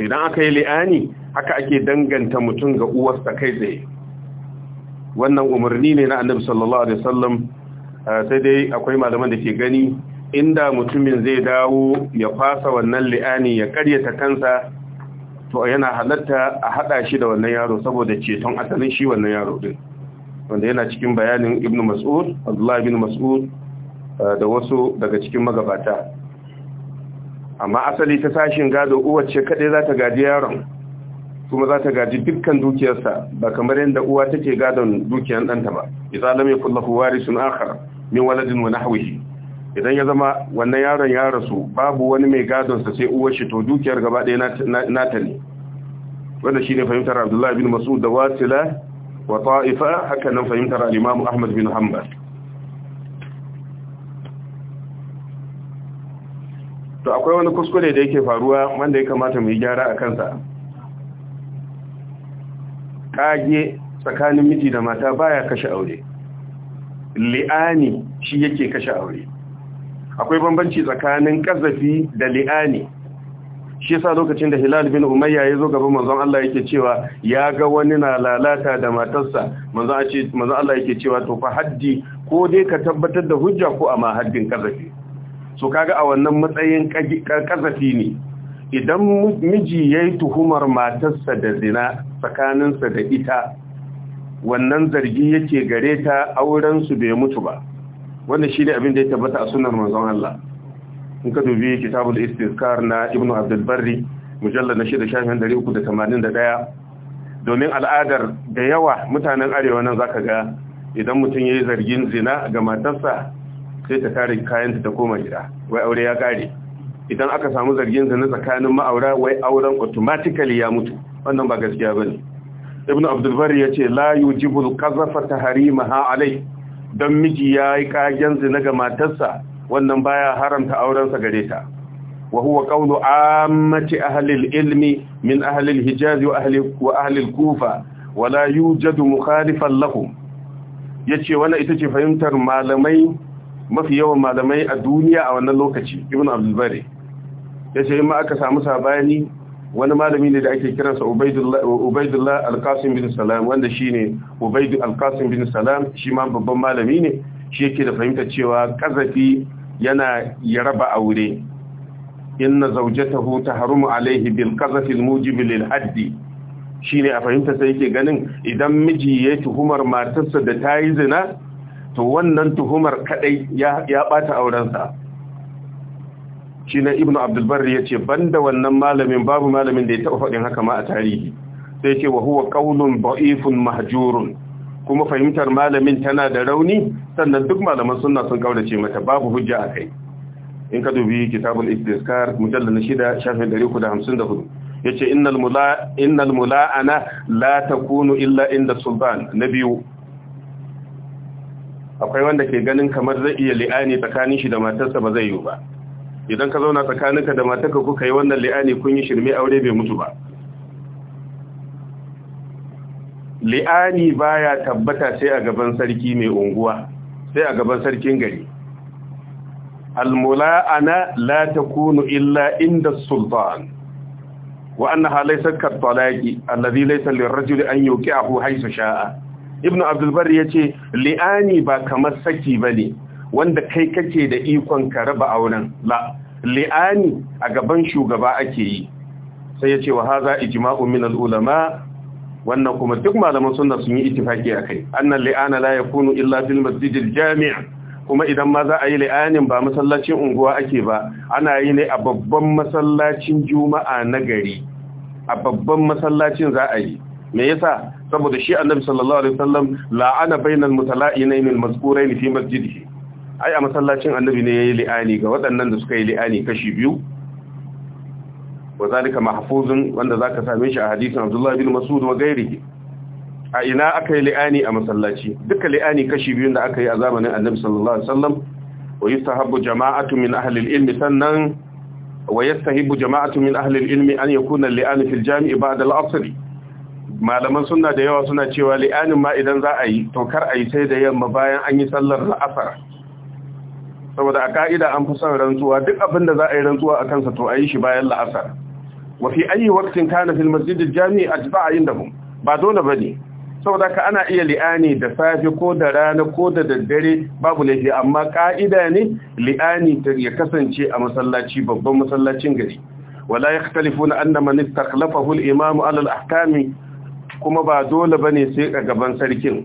idan aka yi li'ani haka ake danganta mutum ga uwarsa kai tsaye wannan umarni ne na annabi sallallahu alaihi wasallam eh, sai dai akwai malaman da ke gani inda mutumin zai dawo ya fasa wannan li'ani ya karyata kansa to yana halatta a hada shi da wannan yaro saboda ceton asalin shi wannan yaro din wanda yana cikin bayanin ibn mas'ud abdullah ibn mas'ud eh, da wasu daga cikin magabata amma asali ta sashin gado uwar ce kadai za ta gaji yaron kuma za ta gaji dukkan dukiyarsa ba kamar yadda uwa take gadon dukiyar ɗanta ba idza lam yakul lahu warithun akhar min waladin wa nahwihi idan ya zama wannan yaron ya rasu babu wani mai gadonsa sai uwar shi to dukiyar gaba ɗaya ta ne wanda shi ne fahimtar abdullahi bin masud da wasila wa ta'ifa haka nan fahimtar al'imamu ahmad bin hanbal to akwai wani kuskure da yake faruwa wanda ya kamata mu yi gyara a kansa kage tsakanin miji da mata baya kashe aure li'ani shi yake kashe aure akwai bambanci tsakanin kazafi da li'ani shi sa lokacin da Hilal bin Umayya ya zo gaba manzon Allah yake cewa ya ga wani na lalata da matarsa manzon manzon Allah yake cewa to fa haddi ko dai ka tabbatar da hujja ko ma haddin kazafi so kaga a wannan matsayin kazafi ne idan miji yayi tuhumar matarsa da zina tsakaninsa da ita wannan zargi yake gare ta auren su bai mutu ba wannan shi ne abin da ya tabbata a sunar manzon Allah in ka dubi kitabul istizkar na ibn abdul barri mujallad na 381 domin al'adar da yawa mutanen arewa nan zaka ga idan mutum yayi zargin zina ga matarsa sai ta tare kayanta ta koma gida wai aure ya kare idan aka samu zargin zina tsakanin ma'aura wai auren automatically ya mutu wannan ba gaskiya bane ibn abdul ya ce la yujibu al tahrimaha alai don miji ya yi kagen zina ga matarsa wannan baya haramta aurensa gare ta wa huwa qawlu ammati ahli al-ilmi min ahli al-hijaz wa ahli wa ahli al-kufa wa la yujadu mukhalifan lahum yace wannan ita ce fahimtar malamai mafi yawan malamai a duniya a wannan lokaci ibn abdul bari yace in ma aka samu sabani wani malami ne da ake kiransa ubaidullah alkasim bin salam wanda shi ne al alkasim bin salam shi ma babban malami ne shi yake da fahimtar cewa kazafi yana ya raba aure inna huta tahrumu alaihi bil qazafi al mujib lil haddi ne a fahimta sai yake ganin idan miji ya tuhumar matarsa da tayi zina to wannan tuhumar kadai ya ya bata aurensa shi na ibnu abdulbar ya ce banda wannan malamin babu malamin da ya taɓa faɗin haka ma a tarihi sai ce wa huwa ƙaunin ba'ifun mahajurun kuma fahimtar malamin tana da rauni sannan duk malaman suna sun ƙaurace mata babu hujja a kai in ka dubi kitabul Iskar mujalla na shida shafin ɗari kuda hamsin da hudu ya ce innal mula'ana la ta kunu illa inda sulban na biyu akwai wanda ke ganin kamar zai iya li'ani tsakanin shi da matarsa ba zai yiwu ba idan ka zauna tsakaninka da matarka kuka yi wannan li'ani kun yi shirme aure bai mutu ba li'ani baya tabbata sai a gaban sarki mai unguwa sai a gaban sarkin gari almula'ana la takunu illa inda sultan wa annaha laysat katalaqi alladhi laysa lirrajul an yuqi'ahu haythu sha'a ibnu abdul bar yace li'ani ba kamar saki bane wanda kai kake da ikon ka raba auren la li'ani a gaban shugaba ake yi sai ya ce wa haza ijma'u min al-ulama wannan kuma duk malaman sunna sun yi ittifaki akai annal li'ana la yakunu illa fil masjidil jami' kuma idan ma za a yi li'anin ba masallacin unguwa ake ba ana yi ne a babban masallacin juma'a na gari a babban masallacin za a yi me yasa saboda shi annabi sallallahu alaihi wasallam la'ana bainal mutala'inain al-mazkurain fi masjidihi ai a masallacin annabi ne yayi li'ani ga waɗannan da suka yi li'ani kashi biyu wa zalika mahfuzun wanda zaka same shi a hadisin Abdullah bin Mas'ud wa gairihi a ina aka yi li'ani a masallaci duka li'ani kashi biyu da aka yi a zamanin annabi sallallahu alaihi wasallam wa yastahabbu jama'atu min ahli al-ilm sannan wa yastahibbu jama'atu min ahli al-ilm an yakuna li'ani fil jami' ba'da al-'asr malaman sunna da yawa suna cewa li'anin ma idan za a yi to kar a yi sai da yamma bayan an yi sallar al-'asr saboda a ka'ida an fi son rantsuwa duk abin da za a yi rantsuwa a kansa to a yi shi bayan la'asar wa fi ayi waktin kana fil masjid al jami' ajba'a indahum ba dole bane saboda ka ana iya li'ani da safe ko da rana ko da daddare babu laifi amma ka'ida ne li'ani ta ya kasance a masallaci babban masallacin gari wala yakhtalifuna anna man istakhlafahu al imam ala al ahkami kuma ba dole bane sai a gaban sarkin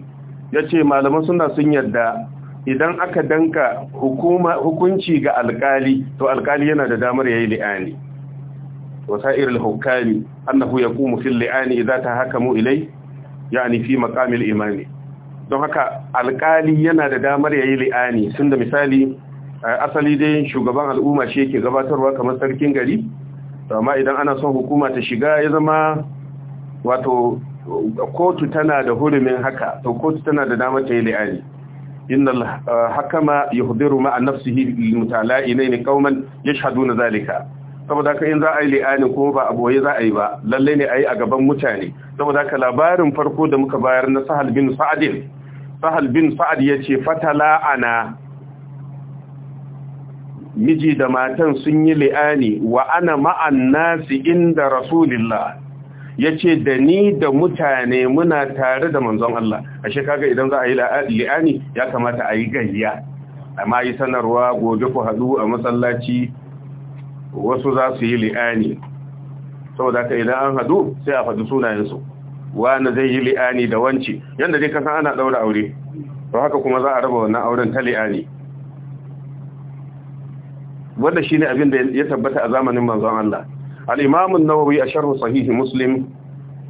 yace malaman suna sun yarda idan aka danka hukuma hukunci ga alkali to alkali yana da damar yayi li'ani al-hukami annahu yaqumu fil li'ani idza tahakamu ilay yani fi في al imani. don haka alkali yana da damar yayi li'ani sun da misali eh, asali dai shugaban al'umma shi yake gabatarwa kamar sarkin gari amma idan ana son hukuma ta shiga ya zama wato kotu tana da hurumin haka to kotu tana da damar ta yi li'ani innal ah, hakama yuhdiru ma'a nafsihi lil mutala'inain qauman yashhaduna zalika saboda haka in za a yi li'anin kuma ba aboye za a yi ba lalle ne a yi a gaban mutane saboda haka labarin farko da muka bayar na sahal bin Sa'ad, sahal bin sa'ad ya ce fatala ana miji da matan sun yi li'ani wa ana ma'an nasi inda rasulillah ya ce da ni da mutane muna tare da manzon Allah a kaga idan za a yi li'ani ya kamata a yi gayya a yi sanarwa gobe ku haɗu a masallaci wasu za su yi li'ani saboda ka idan an haɗu sai a faɗi sunayensu wani zai yi li'ani da wanci yadda dai kasan ana ɗaura aure to haka kuma za a raba wannan auren ta li'ani wanda ne abin da ya tabbata a zamanin manzon Allah al-imam nawawi a sharh sahihi muslim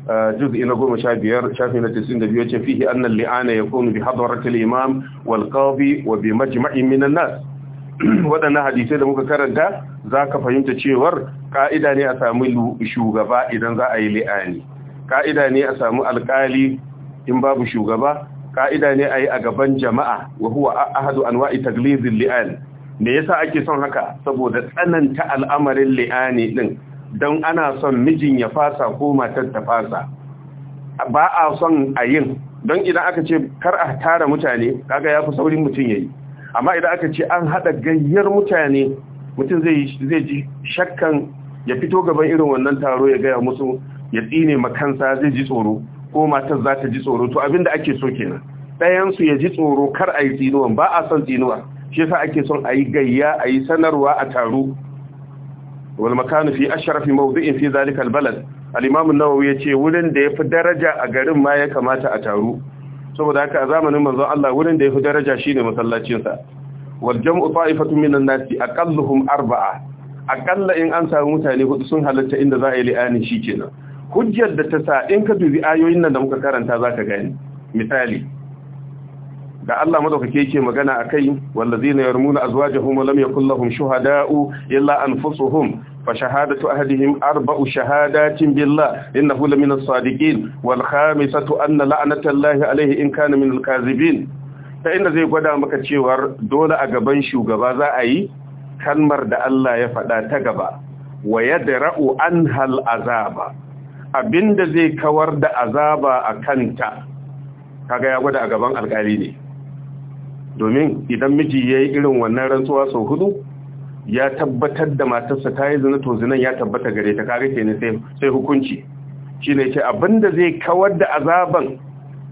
uh, juz'i na biyar shafi na 92 yace fihi anna annan liana yakunu bi hadratil imam wal wa bi majma'in nas waɗannan hadisai da muka karanta za ka fahimta cewar ƙa'ida ne a samu shugaba idan za a yi li'ani ƙa'ida ne a samu alƙali in babu shugaba ƙa'ida ne a yi a gaban jama'a wa huwa ahadu wa'i taglizin li'an me yasa ake son haka saboda tsananta al'amarin li'ani din don ana son mijin ya fasa ko matar ta fasa ba a son a yin don idan aka ce kar a tara mutane kaga ya fi saurin mutum ya yi amma idan aka ce an haɗa gayyar mutane mutum zai ji shakkan ya fito gaban irin wannan taro ya gaya musu ya tsine makansa zai ji tsoro ko matar za ta ji tsoro to abin da ake so kenan ɗayansu ya ji tsoro kar a yi tsinuwan ba a son tsinuwa shi yasa ake son a yi gayya a yi sanarwa a taro wal makanu fi ashrafi mawdi'in fi zalika al balad al imam an-nawawi yace wurin da yafi daraja a garin ma ya kamata a taru saboda haka a zamanin manzon Allah wurin da yafi daraja shine masallacin sa wal jam'u ta'ifatun minan nasi aqalluhum arba'a aqalla in an samu mutane hudu sun halatta inda za a yi li'ani shikenan hujjar da ta sa in ka dubi ayoyin nan da muka karanta zaka gani misali da Allah madaukake yake magana akai wallazina yarmuna azwajahum lam yakul lahum shuhada'u illa anfusuhum fa shahadatu ahadihim arba'u shahadatin billah innahu lamina as-sadiqin wal khamisatu anna la'natallahi alayhi in kana minal kazibin ta inda zai gwada maka cewar dole a gaban shugaba za a yi kalmar da Allah ya faɗa ta gaba wa yadra'u anhal azaba abinda zai kawar da azaba a kanta kaga ya gwada a gaban alƙali ne domin idan miji ya yi irin wannan rantsuwa sau hudu ya tabbatar da matarsa ta yi zina to zinan ya tabbata gare ta kare ke ne sai hukunci shi ne ce abinda zai kawar da azaban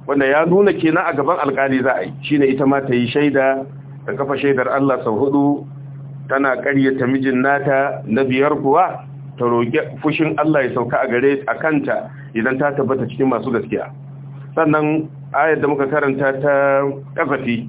wanda ya nuna kenan a gaban alkali za a yi shi ne ita ma ta yi shaida ta kafa shaidar Allah sau hudu tana karyata mijin nata na biyar kuwa ta roƙi fushin Allah ya sauka a gare a kanta idan ta tabbata cikin masu gaskiya sannan ayar da muka karanta ta kafafi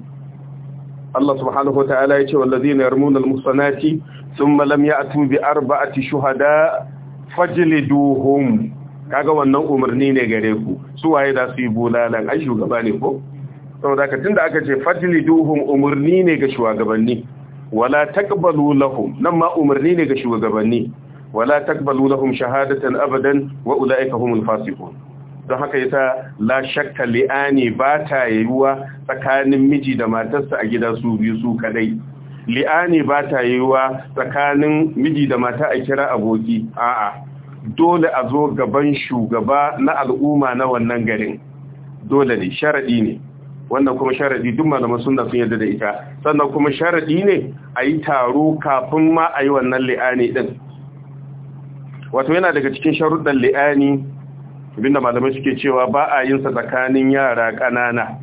Allah subhanahu wataala yace wallazina yarmuna almuhsanati thumma lam ya'tu bi arba'ati shuhada fajliduhum kaga wannan umarni ne gare ku su waye da su yi bulalan ai shugaba ne ko saboda ka tunda aka ce fajliduhum umarni ne ga shugabanni wala taqbalu lahum nan ma umarni ne ga shugabanni wala taqbalu lahum shahadatan abadan wa ulaika humul fasiqun don haka yasa la shakka li'ani ba ta yiwuwa tsakanin miji da matarsa a gida su biyu su kadai li'ani ba ta yiwuwa tsakanin miji da mata a kira aboki a'a dole a zo gaban shugaba na al'umma na wannan garin dole ne sharadi ne wannan kuma sharadi duk malaman sunna sun yarda da ita sannan kuma sharadi ne a yi taro kafin ma a yi wannan li'ani din wato yana daga cikin sharuɗan li'ani abinda malamai suke cewa ba a yin sa tsakanin yara ƙanana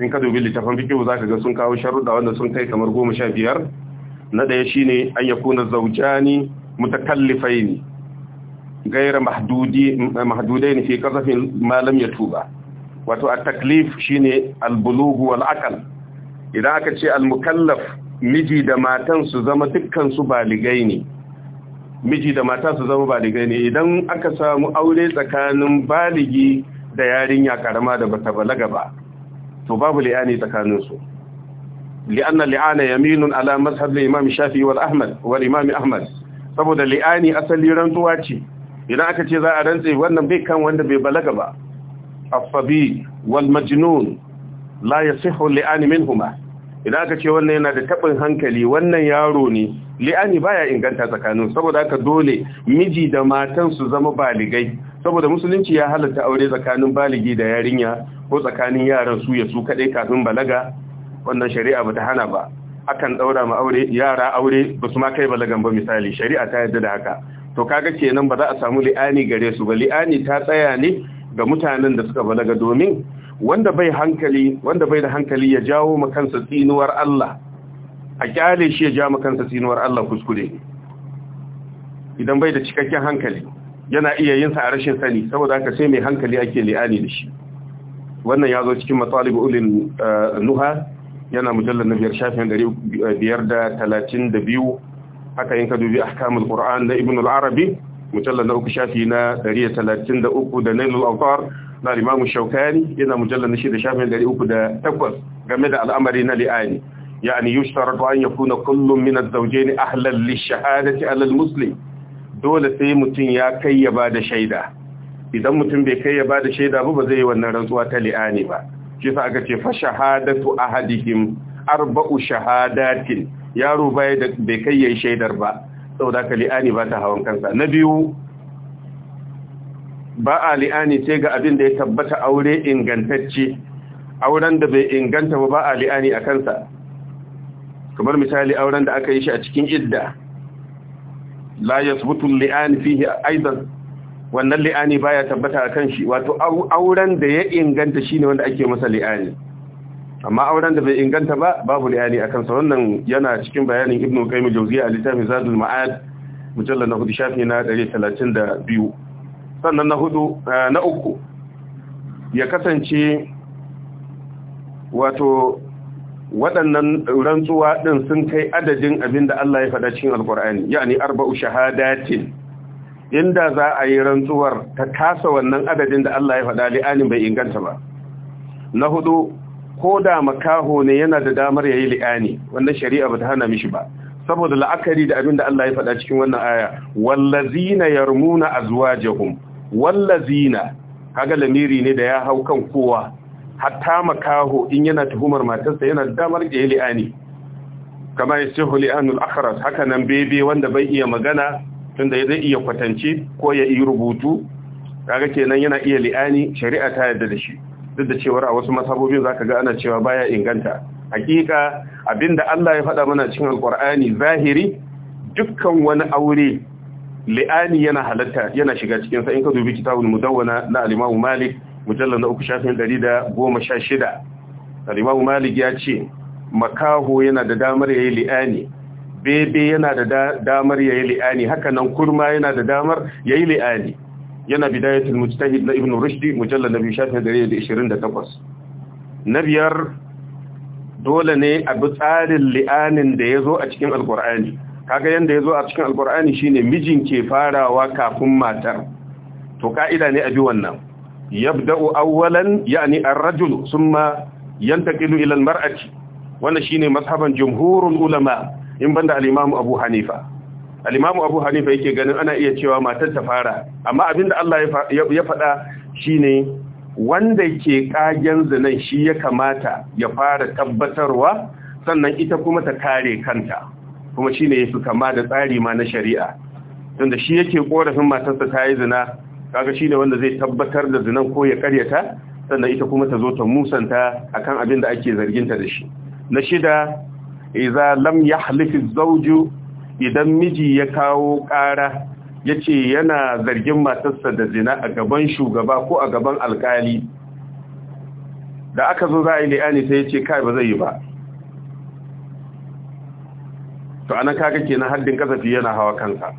in ka dubi littafin fikihu zaka ga sun kawo sharuɗa wanda sun kai kamar goma sha biyar na ɗaya shine an ya kuna zaujani mutakallifaini gaira mahdudi mahdudain fi qazafin malam ya tuba wato a taklif shine al-bulugh wal aql idan aka ce al-mukallaf miji da matan su zama dukkan su baligai ne miji da mata su zama baligai ne idan aka samu aure tsakanin baligi da yarinya karama da bata balaga ba to babu li'ani tsakanin su li'anna li'ana yaminun ala mazhab al-imam Shafi wal Ahmad wal imam Ahmad saboda li'ani asali rantsuwa ce idan aka ce za a rantse wannan bai kan wanda bai balaga ba afabi wal majnun la yasihu li'ani minhumah idan aka ce wannan yana da taɓin hankali wannan yaro ne li'ani baya inganta tsakanin saboda haka dole miji da matan su zama baligai saboda musulunci ya halatta aure tsakanin baligi da yarinya ko tsakanin yaran su ya su kaɗai kafin balaga wannan shari'a bata hana ba akan ɗaura ma aure yara aure ba su ma kai balagan ba misali shari'a ta yarda da haka to kaga kenan ba za a samu li'ani gare su ba li'ani ta tsaya ne ga mutanen da suka balaga domin wanda bai hankali wanda bai da hankali ya jawo makansa tsinuwar Allah a kyale shi ya ma makansa tsinuwar Allah kuskure idan bai da cikakken hankali yana iya yin sa a rashin sani saboda haka sai mai hankali ake li'ani da shi wannan ya zo cikin matsalib ulin eh, nuha yana mujallar na biyar shafin biyar da talatin da biyu haka yin ka dubi ahkamul qur'an na ibn al-arabi mujallar na uku shafi na ɗari da talatin da da uku nailul autar na limamu shaukani yana mujallar na shida shafin dari uku da takwas game da al'amari na li'ani yani yushtaratu an kuna kullum min zauje ni a halalli shahadati alal muslim dole sai mutum ya kai ya bada shaida idan mutum bai kai ya bada shaida ba ba zai yi wannan rantsuwa ta li'ani ba shi sa aka ce fa shahadatu ahadihim arba'u shahadatin yaro bai da bai kai yayi shaidar ba saboda ka li'ani ba ta hawan kansa na biyu ba a li'ani sai ga abin da ya tabbata aure ingantacce auren da bai inganta ba ba a li'ani a kansa kamar misali auren da aka yi shi a cikin idda la yasbutu li'ani fihi aidan wannan li'ani baya tabbata kan shi wato auren da ya inganta shine wanda ake masa li'ani amma auren da bai inganta ba babu li'ani a kansa. wannan yana cikin bayanin ibnu qayyim jawziya a littafin zadul ma'ad mujallad na hudu shafi na 132 sannan na hudu eh, na uku ya kasance wato waɗannan rantsuwa ɗin sun kai adadin abin da Allah ya faɗa cikin alkur'ani yani arba'u shahadatin inda za a yi rantsuwar ta kasa wannan adadin da Allah ya faɗa li'anin bai inganta ba na hudu ko da makaho ne yana da damar ya yi li'ani wannan shari'a ba ta hana mishi ba saboda la'akari da abin da Allah ya faɗa cikin wannan aya wallazina yarmuna azwajahum wallazina kaga lamiri ne da ya hau kan kowa hatta makaho in yana tuhumar matarsa yana damar da li'ani kama ya ce huli'anul akharas haka nan bebe wanda bai iya magana tunda ya zai iya kwatance ko ya yi rubutu kaga kenan yana iya li'ani shari'a ta yarda da shi duk da cewar a wasu masabobin zaka ga ana cewa baya inganta hakika abinda Allah ya faɗa mana cikin alqur'ani zahiri dukkan wani aure li'ani yana halatta yana shiga cikin sa in ka dubi kitabul mudawwana na al-Imam Malik mujallal na uku shafin 116 al-Imam Malik ya ce makaho yana da damar yayi li'ani bebe yana da damar yayi li'ani haka nan kurma yana da damar yayi li'ani yana bidayatul mujtahid na Ibn Rushd mujallal na biyu shafin 128 na biyar dole ne a tsarin li'anin da ya zo a cikin Al-Qur'ani. kaga yanda ya zo a cikin shi shine mijin ke farawa kafin matar to ka'ida ne a bi wannan yabda'u awwalan yani ar-rajulu thumma yantaqilu ila al-mar'ati wannan shine mazhaban jumhurul ulama in banda al abu hanifa al abu hanifa yake ganin ana iya cewa matar ta fara amma abinda Allah ya faɗa shine wanda ke kagen zinan shi ya kamata ya fara tabbatarwa sannan ita kuma ta kare kanta kuma shine fi kama da tsari ma na shari'a tunda shi yake korafin matarsa ta yi zina kaga shine wanda zai tabbatar da zinan ko ya karyata sannan ita kuma ta zo ta musanta akan abin da ake zarginta da shi na shida idza lam yahlif zawju idan miji ya kawo ƙara yace yana zargin matarsa da zina a gaban shugaba ko a gaban alkali da aka zo za a yi ne sai ce kai ba zai yi ba to anan kaga kenan haddin kasafi yana hawa kansa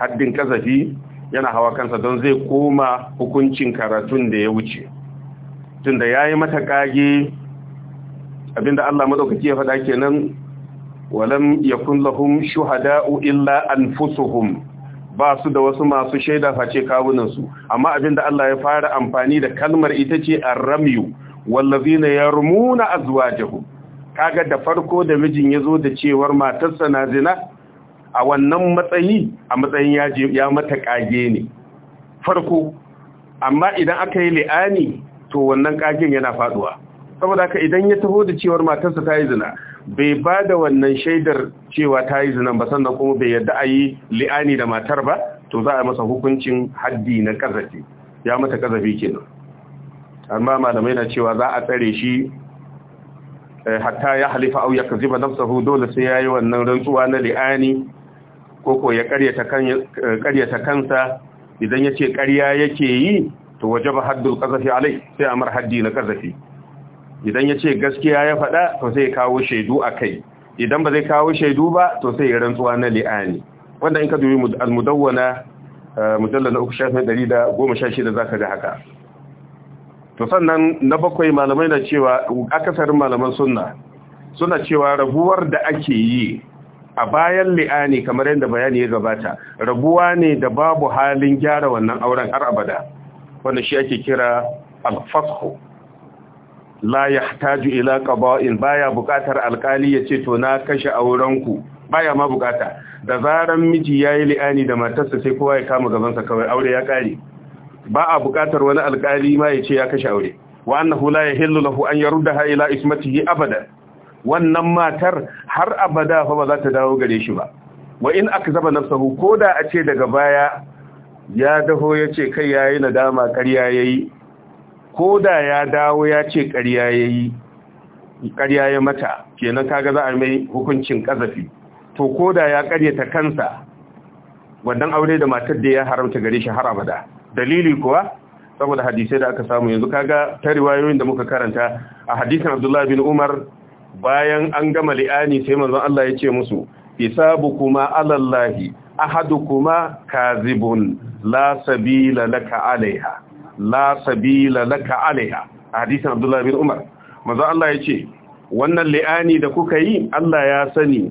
haddin kasafi yana hawa kansa don zai koma hukuncin karatun da ya wuce tunda yayi mata kage abinda Allah madaukaki ya faɗa kenan walam yakun lahum shuhada'u illa anfusuhum ba su da wasu masu shaida face kawunan su. amma abinda Allah ya fara amfani da kalmar ita ce ar-ramyu wallazina yarmuna azwajahum kaga da farko da mijin ya zo da cewar matarsa na zina a wannan matsayi a matsayin ya mata kage ne farko amma idan aka yi li'ani to wannan kagen yana faduwa saboda haka idan ya taho da cewar matarsa ta yi zina bai ba da wannan shaidar cewa ta yi zina ba sannan kuma bai yarda a yi li'ani da matar ba to za a masa hukuncin haddi na kazafi ya mata kazafi kenan amma malamai na cewa za a tsare shi Eh, hatta ya halifa au ya kaziba nafsahu dole sai yayi wannan rantsuwa na li'ani ko ya karyata kan eh, karyata kansa idan yace ƙarya yake yi to wajaba haddul qazafi alai sai amar haddi na qazafi idan yace gaskiya ya faɗa to sai kawo shaidu akai idan ba zai kawo shaidu ba to sai ya rantsuwa na li'ani wanda in ka dubi al-mudawwana eh, mujallal na 116 zaka ga haka to sannan na bakwai malamai na cewa akasarin malaman sunna suna cewa rabuwar da ake yi a bayan li'ani kamar yadda bayani ya gabata rabuwa ne da babu halin gyara wannan auren har abada wanda shi ake kira alfasho la yahtaju ila qada'in baya bukatar alkali ya ce to na kashe aurenku baya ma bukata da zarar miji ya yi li'ani da matarsa sai kowa ya kama gabansa kawai aure ya kare ba a buƙatar wani alƙali ma ya ce ya kashe aure wa annahu la yahillu lahu an yaruddaha ila ismatihi abada wannan matar har abada fa ba za ta dawo gare shi ba wa in akzaba nafsahu koda a ce daga baya ya daho ya ce kai yayi nadama ƙarya yayi koda ya dawo ya ce ƙarya yayi ƙarya ya mata kenan kaga za a mai hukuncin kazafi to koda ya ƙaryata kansa wannan aure da matar da ya haramta gare shi har abada dalili kuwa saboda hadisai da aka samu yanzu kaga ta riwayoyin da muka karanta a hadisin Abdullah bin Umar bayan an gama li'ani sai manzon Allah ya ce musu hisabukuma alallahi ahadukuma kazibun la sabila laka alaiha la sabila laka alaiha hadisin Abdullah bin Umar manzon Allah ya ce wannan li'ani da kuka yi Allah ya sani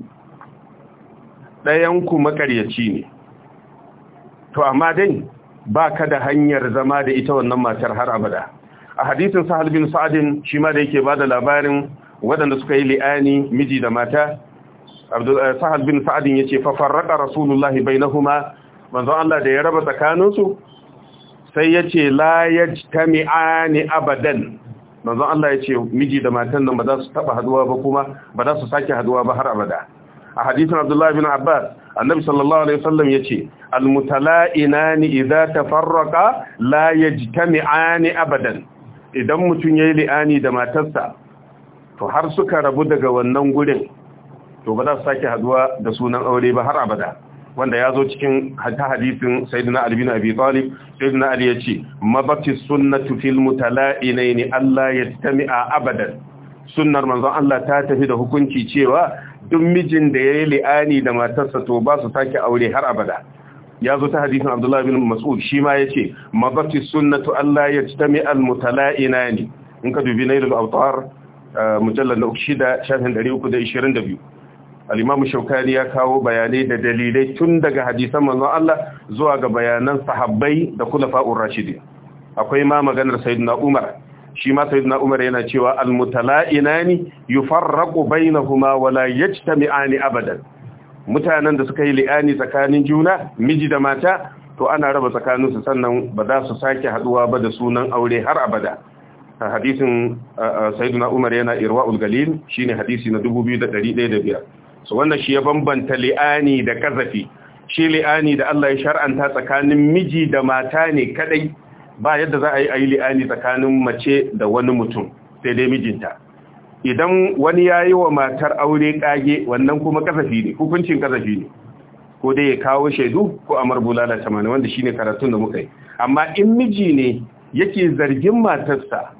ɗayanku makaryaci ne to amma dai ba ka da hanyar zama da ita wannan matar har abada a hadisin sahal bin sa'adin shi ma da yake ba da labarin waɗanda suka yi li'ani miji da mata eh, sahal bin sa'adin ya ce fafarraƙa rasulullahi bai na huma manzon Allah da ya raba tsakaninsu sai ya ce la ya mi'ani abadan manzon Allah ya ce miji da matan nan ba za su taɓa haduwa ba kuma ba za su sake haduwa ba har abada a hadisin abdullahi bin abbas annabi sallallahu alaihi wasallam yace almutala'inani idza tafarraqa la yajtami'ani abadan idan mutun yayi li'ani da matarsa to har suka rabu daga wannan gurin to ba za su sake haduwa da sunan aure ba har abada wanda ya zo cikin ta hadisin sayyidina Ali bin Abi Talib sayyidina Ali yace mabati sunnatu fil mutala'inaini alla yajtami'a abadan sunnar manzon Allah ta tafi da hukunci cewa duk mijin da ya yi li'ani da matarsa to ba su sake aure har abada ya zo ta hadisin Abdullah bin Mas'ud shi ma ya ce mabati sunnatu Allah ya yajtami al ne in ka dubi na nailul autar eh, mujallar na da shafin 322 biyu. shaukani ya kawo bayanai da dalilai tun daga hadisan manzon Allah zuwa ga bayanan sahabbai da kulafa'ur Rashidi. akwai ma maganar sayyidina Umar shi ma na Umar yana cewa almutala'inani yufarraqu bainahuma wala yajtami'ani abadan mutanen da suka yi li'ani tsakanin juna miji da mata to ana raba tsakaninsu sannan ba za su sake haduwa ba da sunan aure har abada hadisin sayyidina Umar yana irwaul galil shine hadisi na 2105 so wannan shi ya bambanta li'ani da kazafi shi li'ani da Allah ya shar'anta tsakanin miji da mata ne kadai ba yadda za a yi ayi li'ani tsakanin mace da wani mutum sai dai mijinta idan wani ya yi wa matar aure kage wannan kuma kasafi ne hukuncin kasafi ne ko dai ya kawo shaidu ko amar bulala tamani wanda shine karatun da muka yi amma in miji ne yake zargin matarsa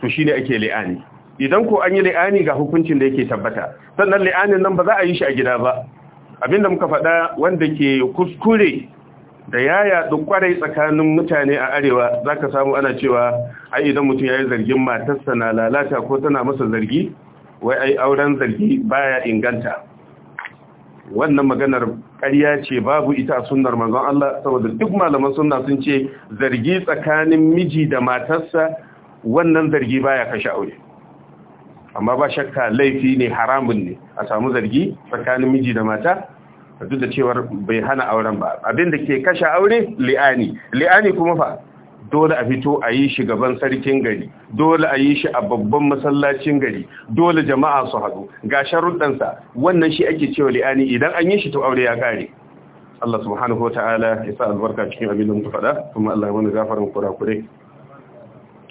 to shine ake li'ani idan ko an yi li'ani ga hukuncin da yake tabbata sannan li'anin nan ba za a yi shi a gida ba abinda muka faɗa wanda ke kuskure da ya yaɗu kwarai tsakanin mutane a arewa za ka samu ana cewa ai idan mutum ya yi zargin matarsa na lalata ko tana masa zargi wai ai auren zargi baya inganta wannan maganar ƙarya ce babu ita a sunnar manzon Allah saboda duk malaman sunna sun ce zargi tsakanin miji da matarsa wannan zargi baya kashe aure amma ba shakka laifi ne haramun ne a samu zargi tsakanin miji da mata duk da cewar bai hana auren ba abin da ke kashe aure li'ani li'ani kuma fa dole a fito a yi shi gaban sarkin gari dole a yi shi a babban masallacin gari dole jama'a su haɗu ga sharuɗansa wannan shi ake cewa li'ani idan an yi shi to aure ya kare Allah subhanahu wa ta'ala ya sa albarka cikin abin da muka faɗa kuma Allah ya wani gafarin kurakure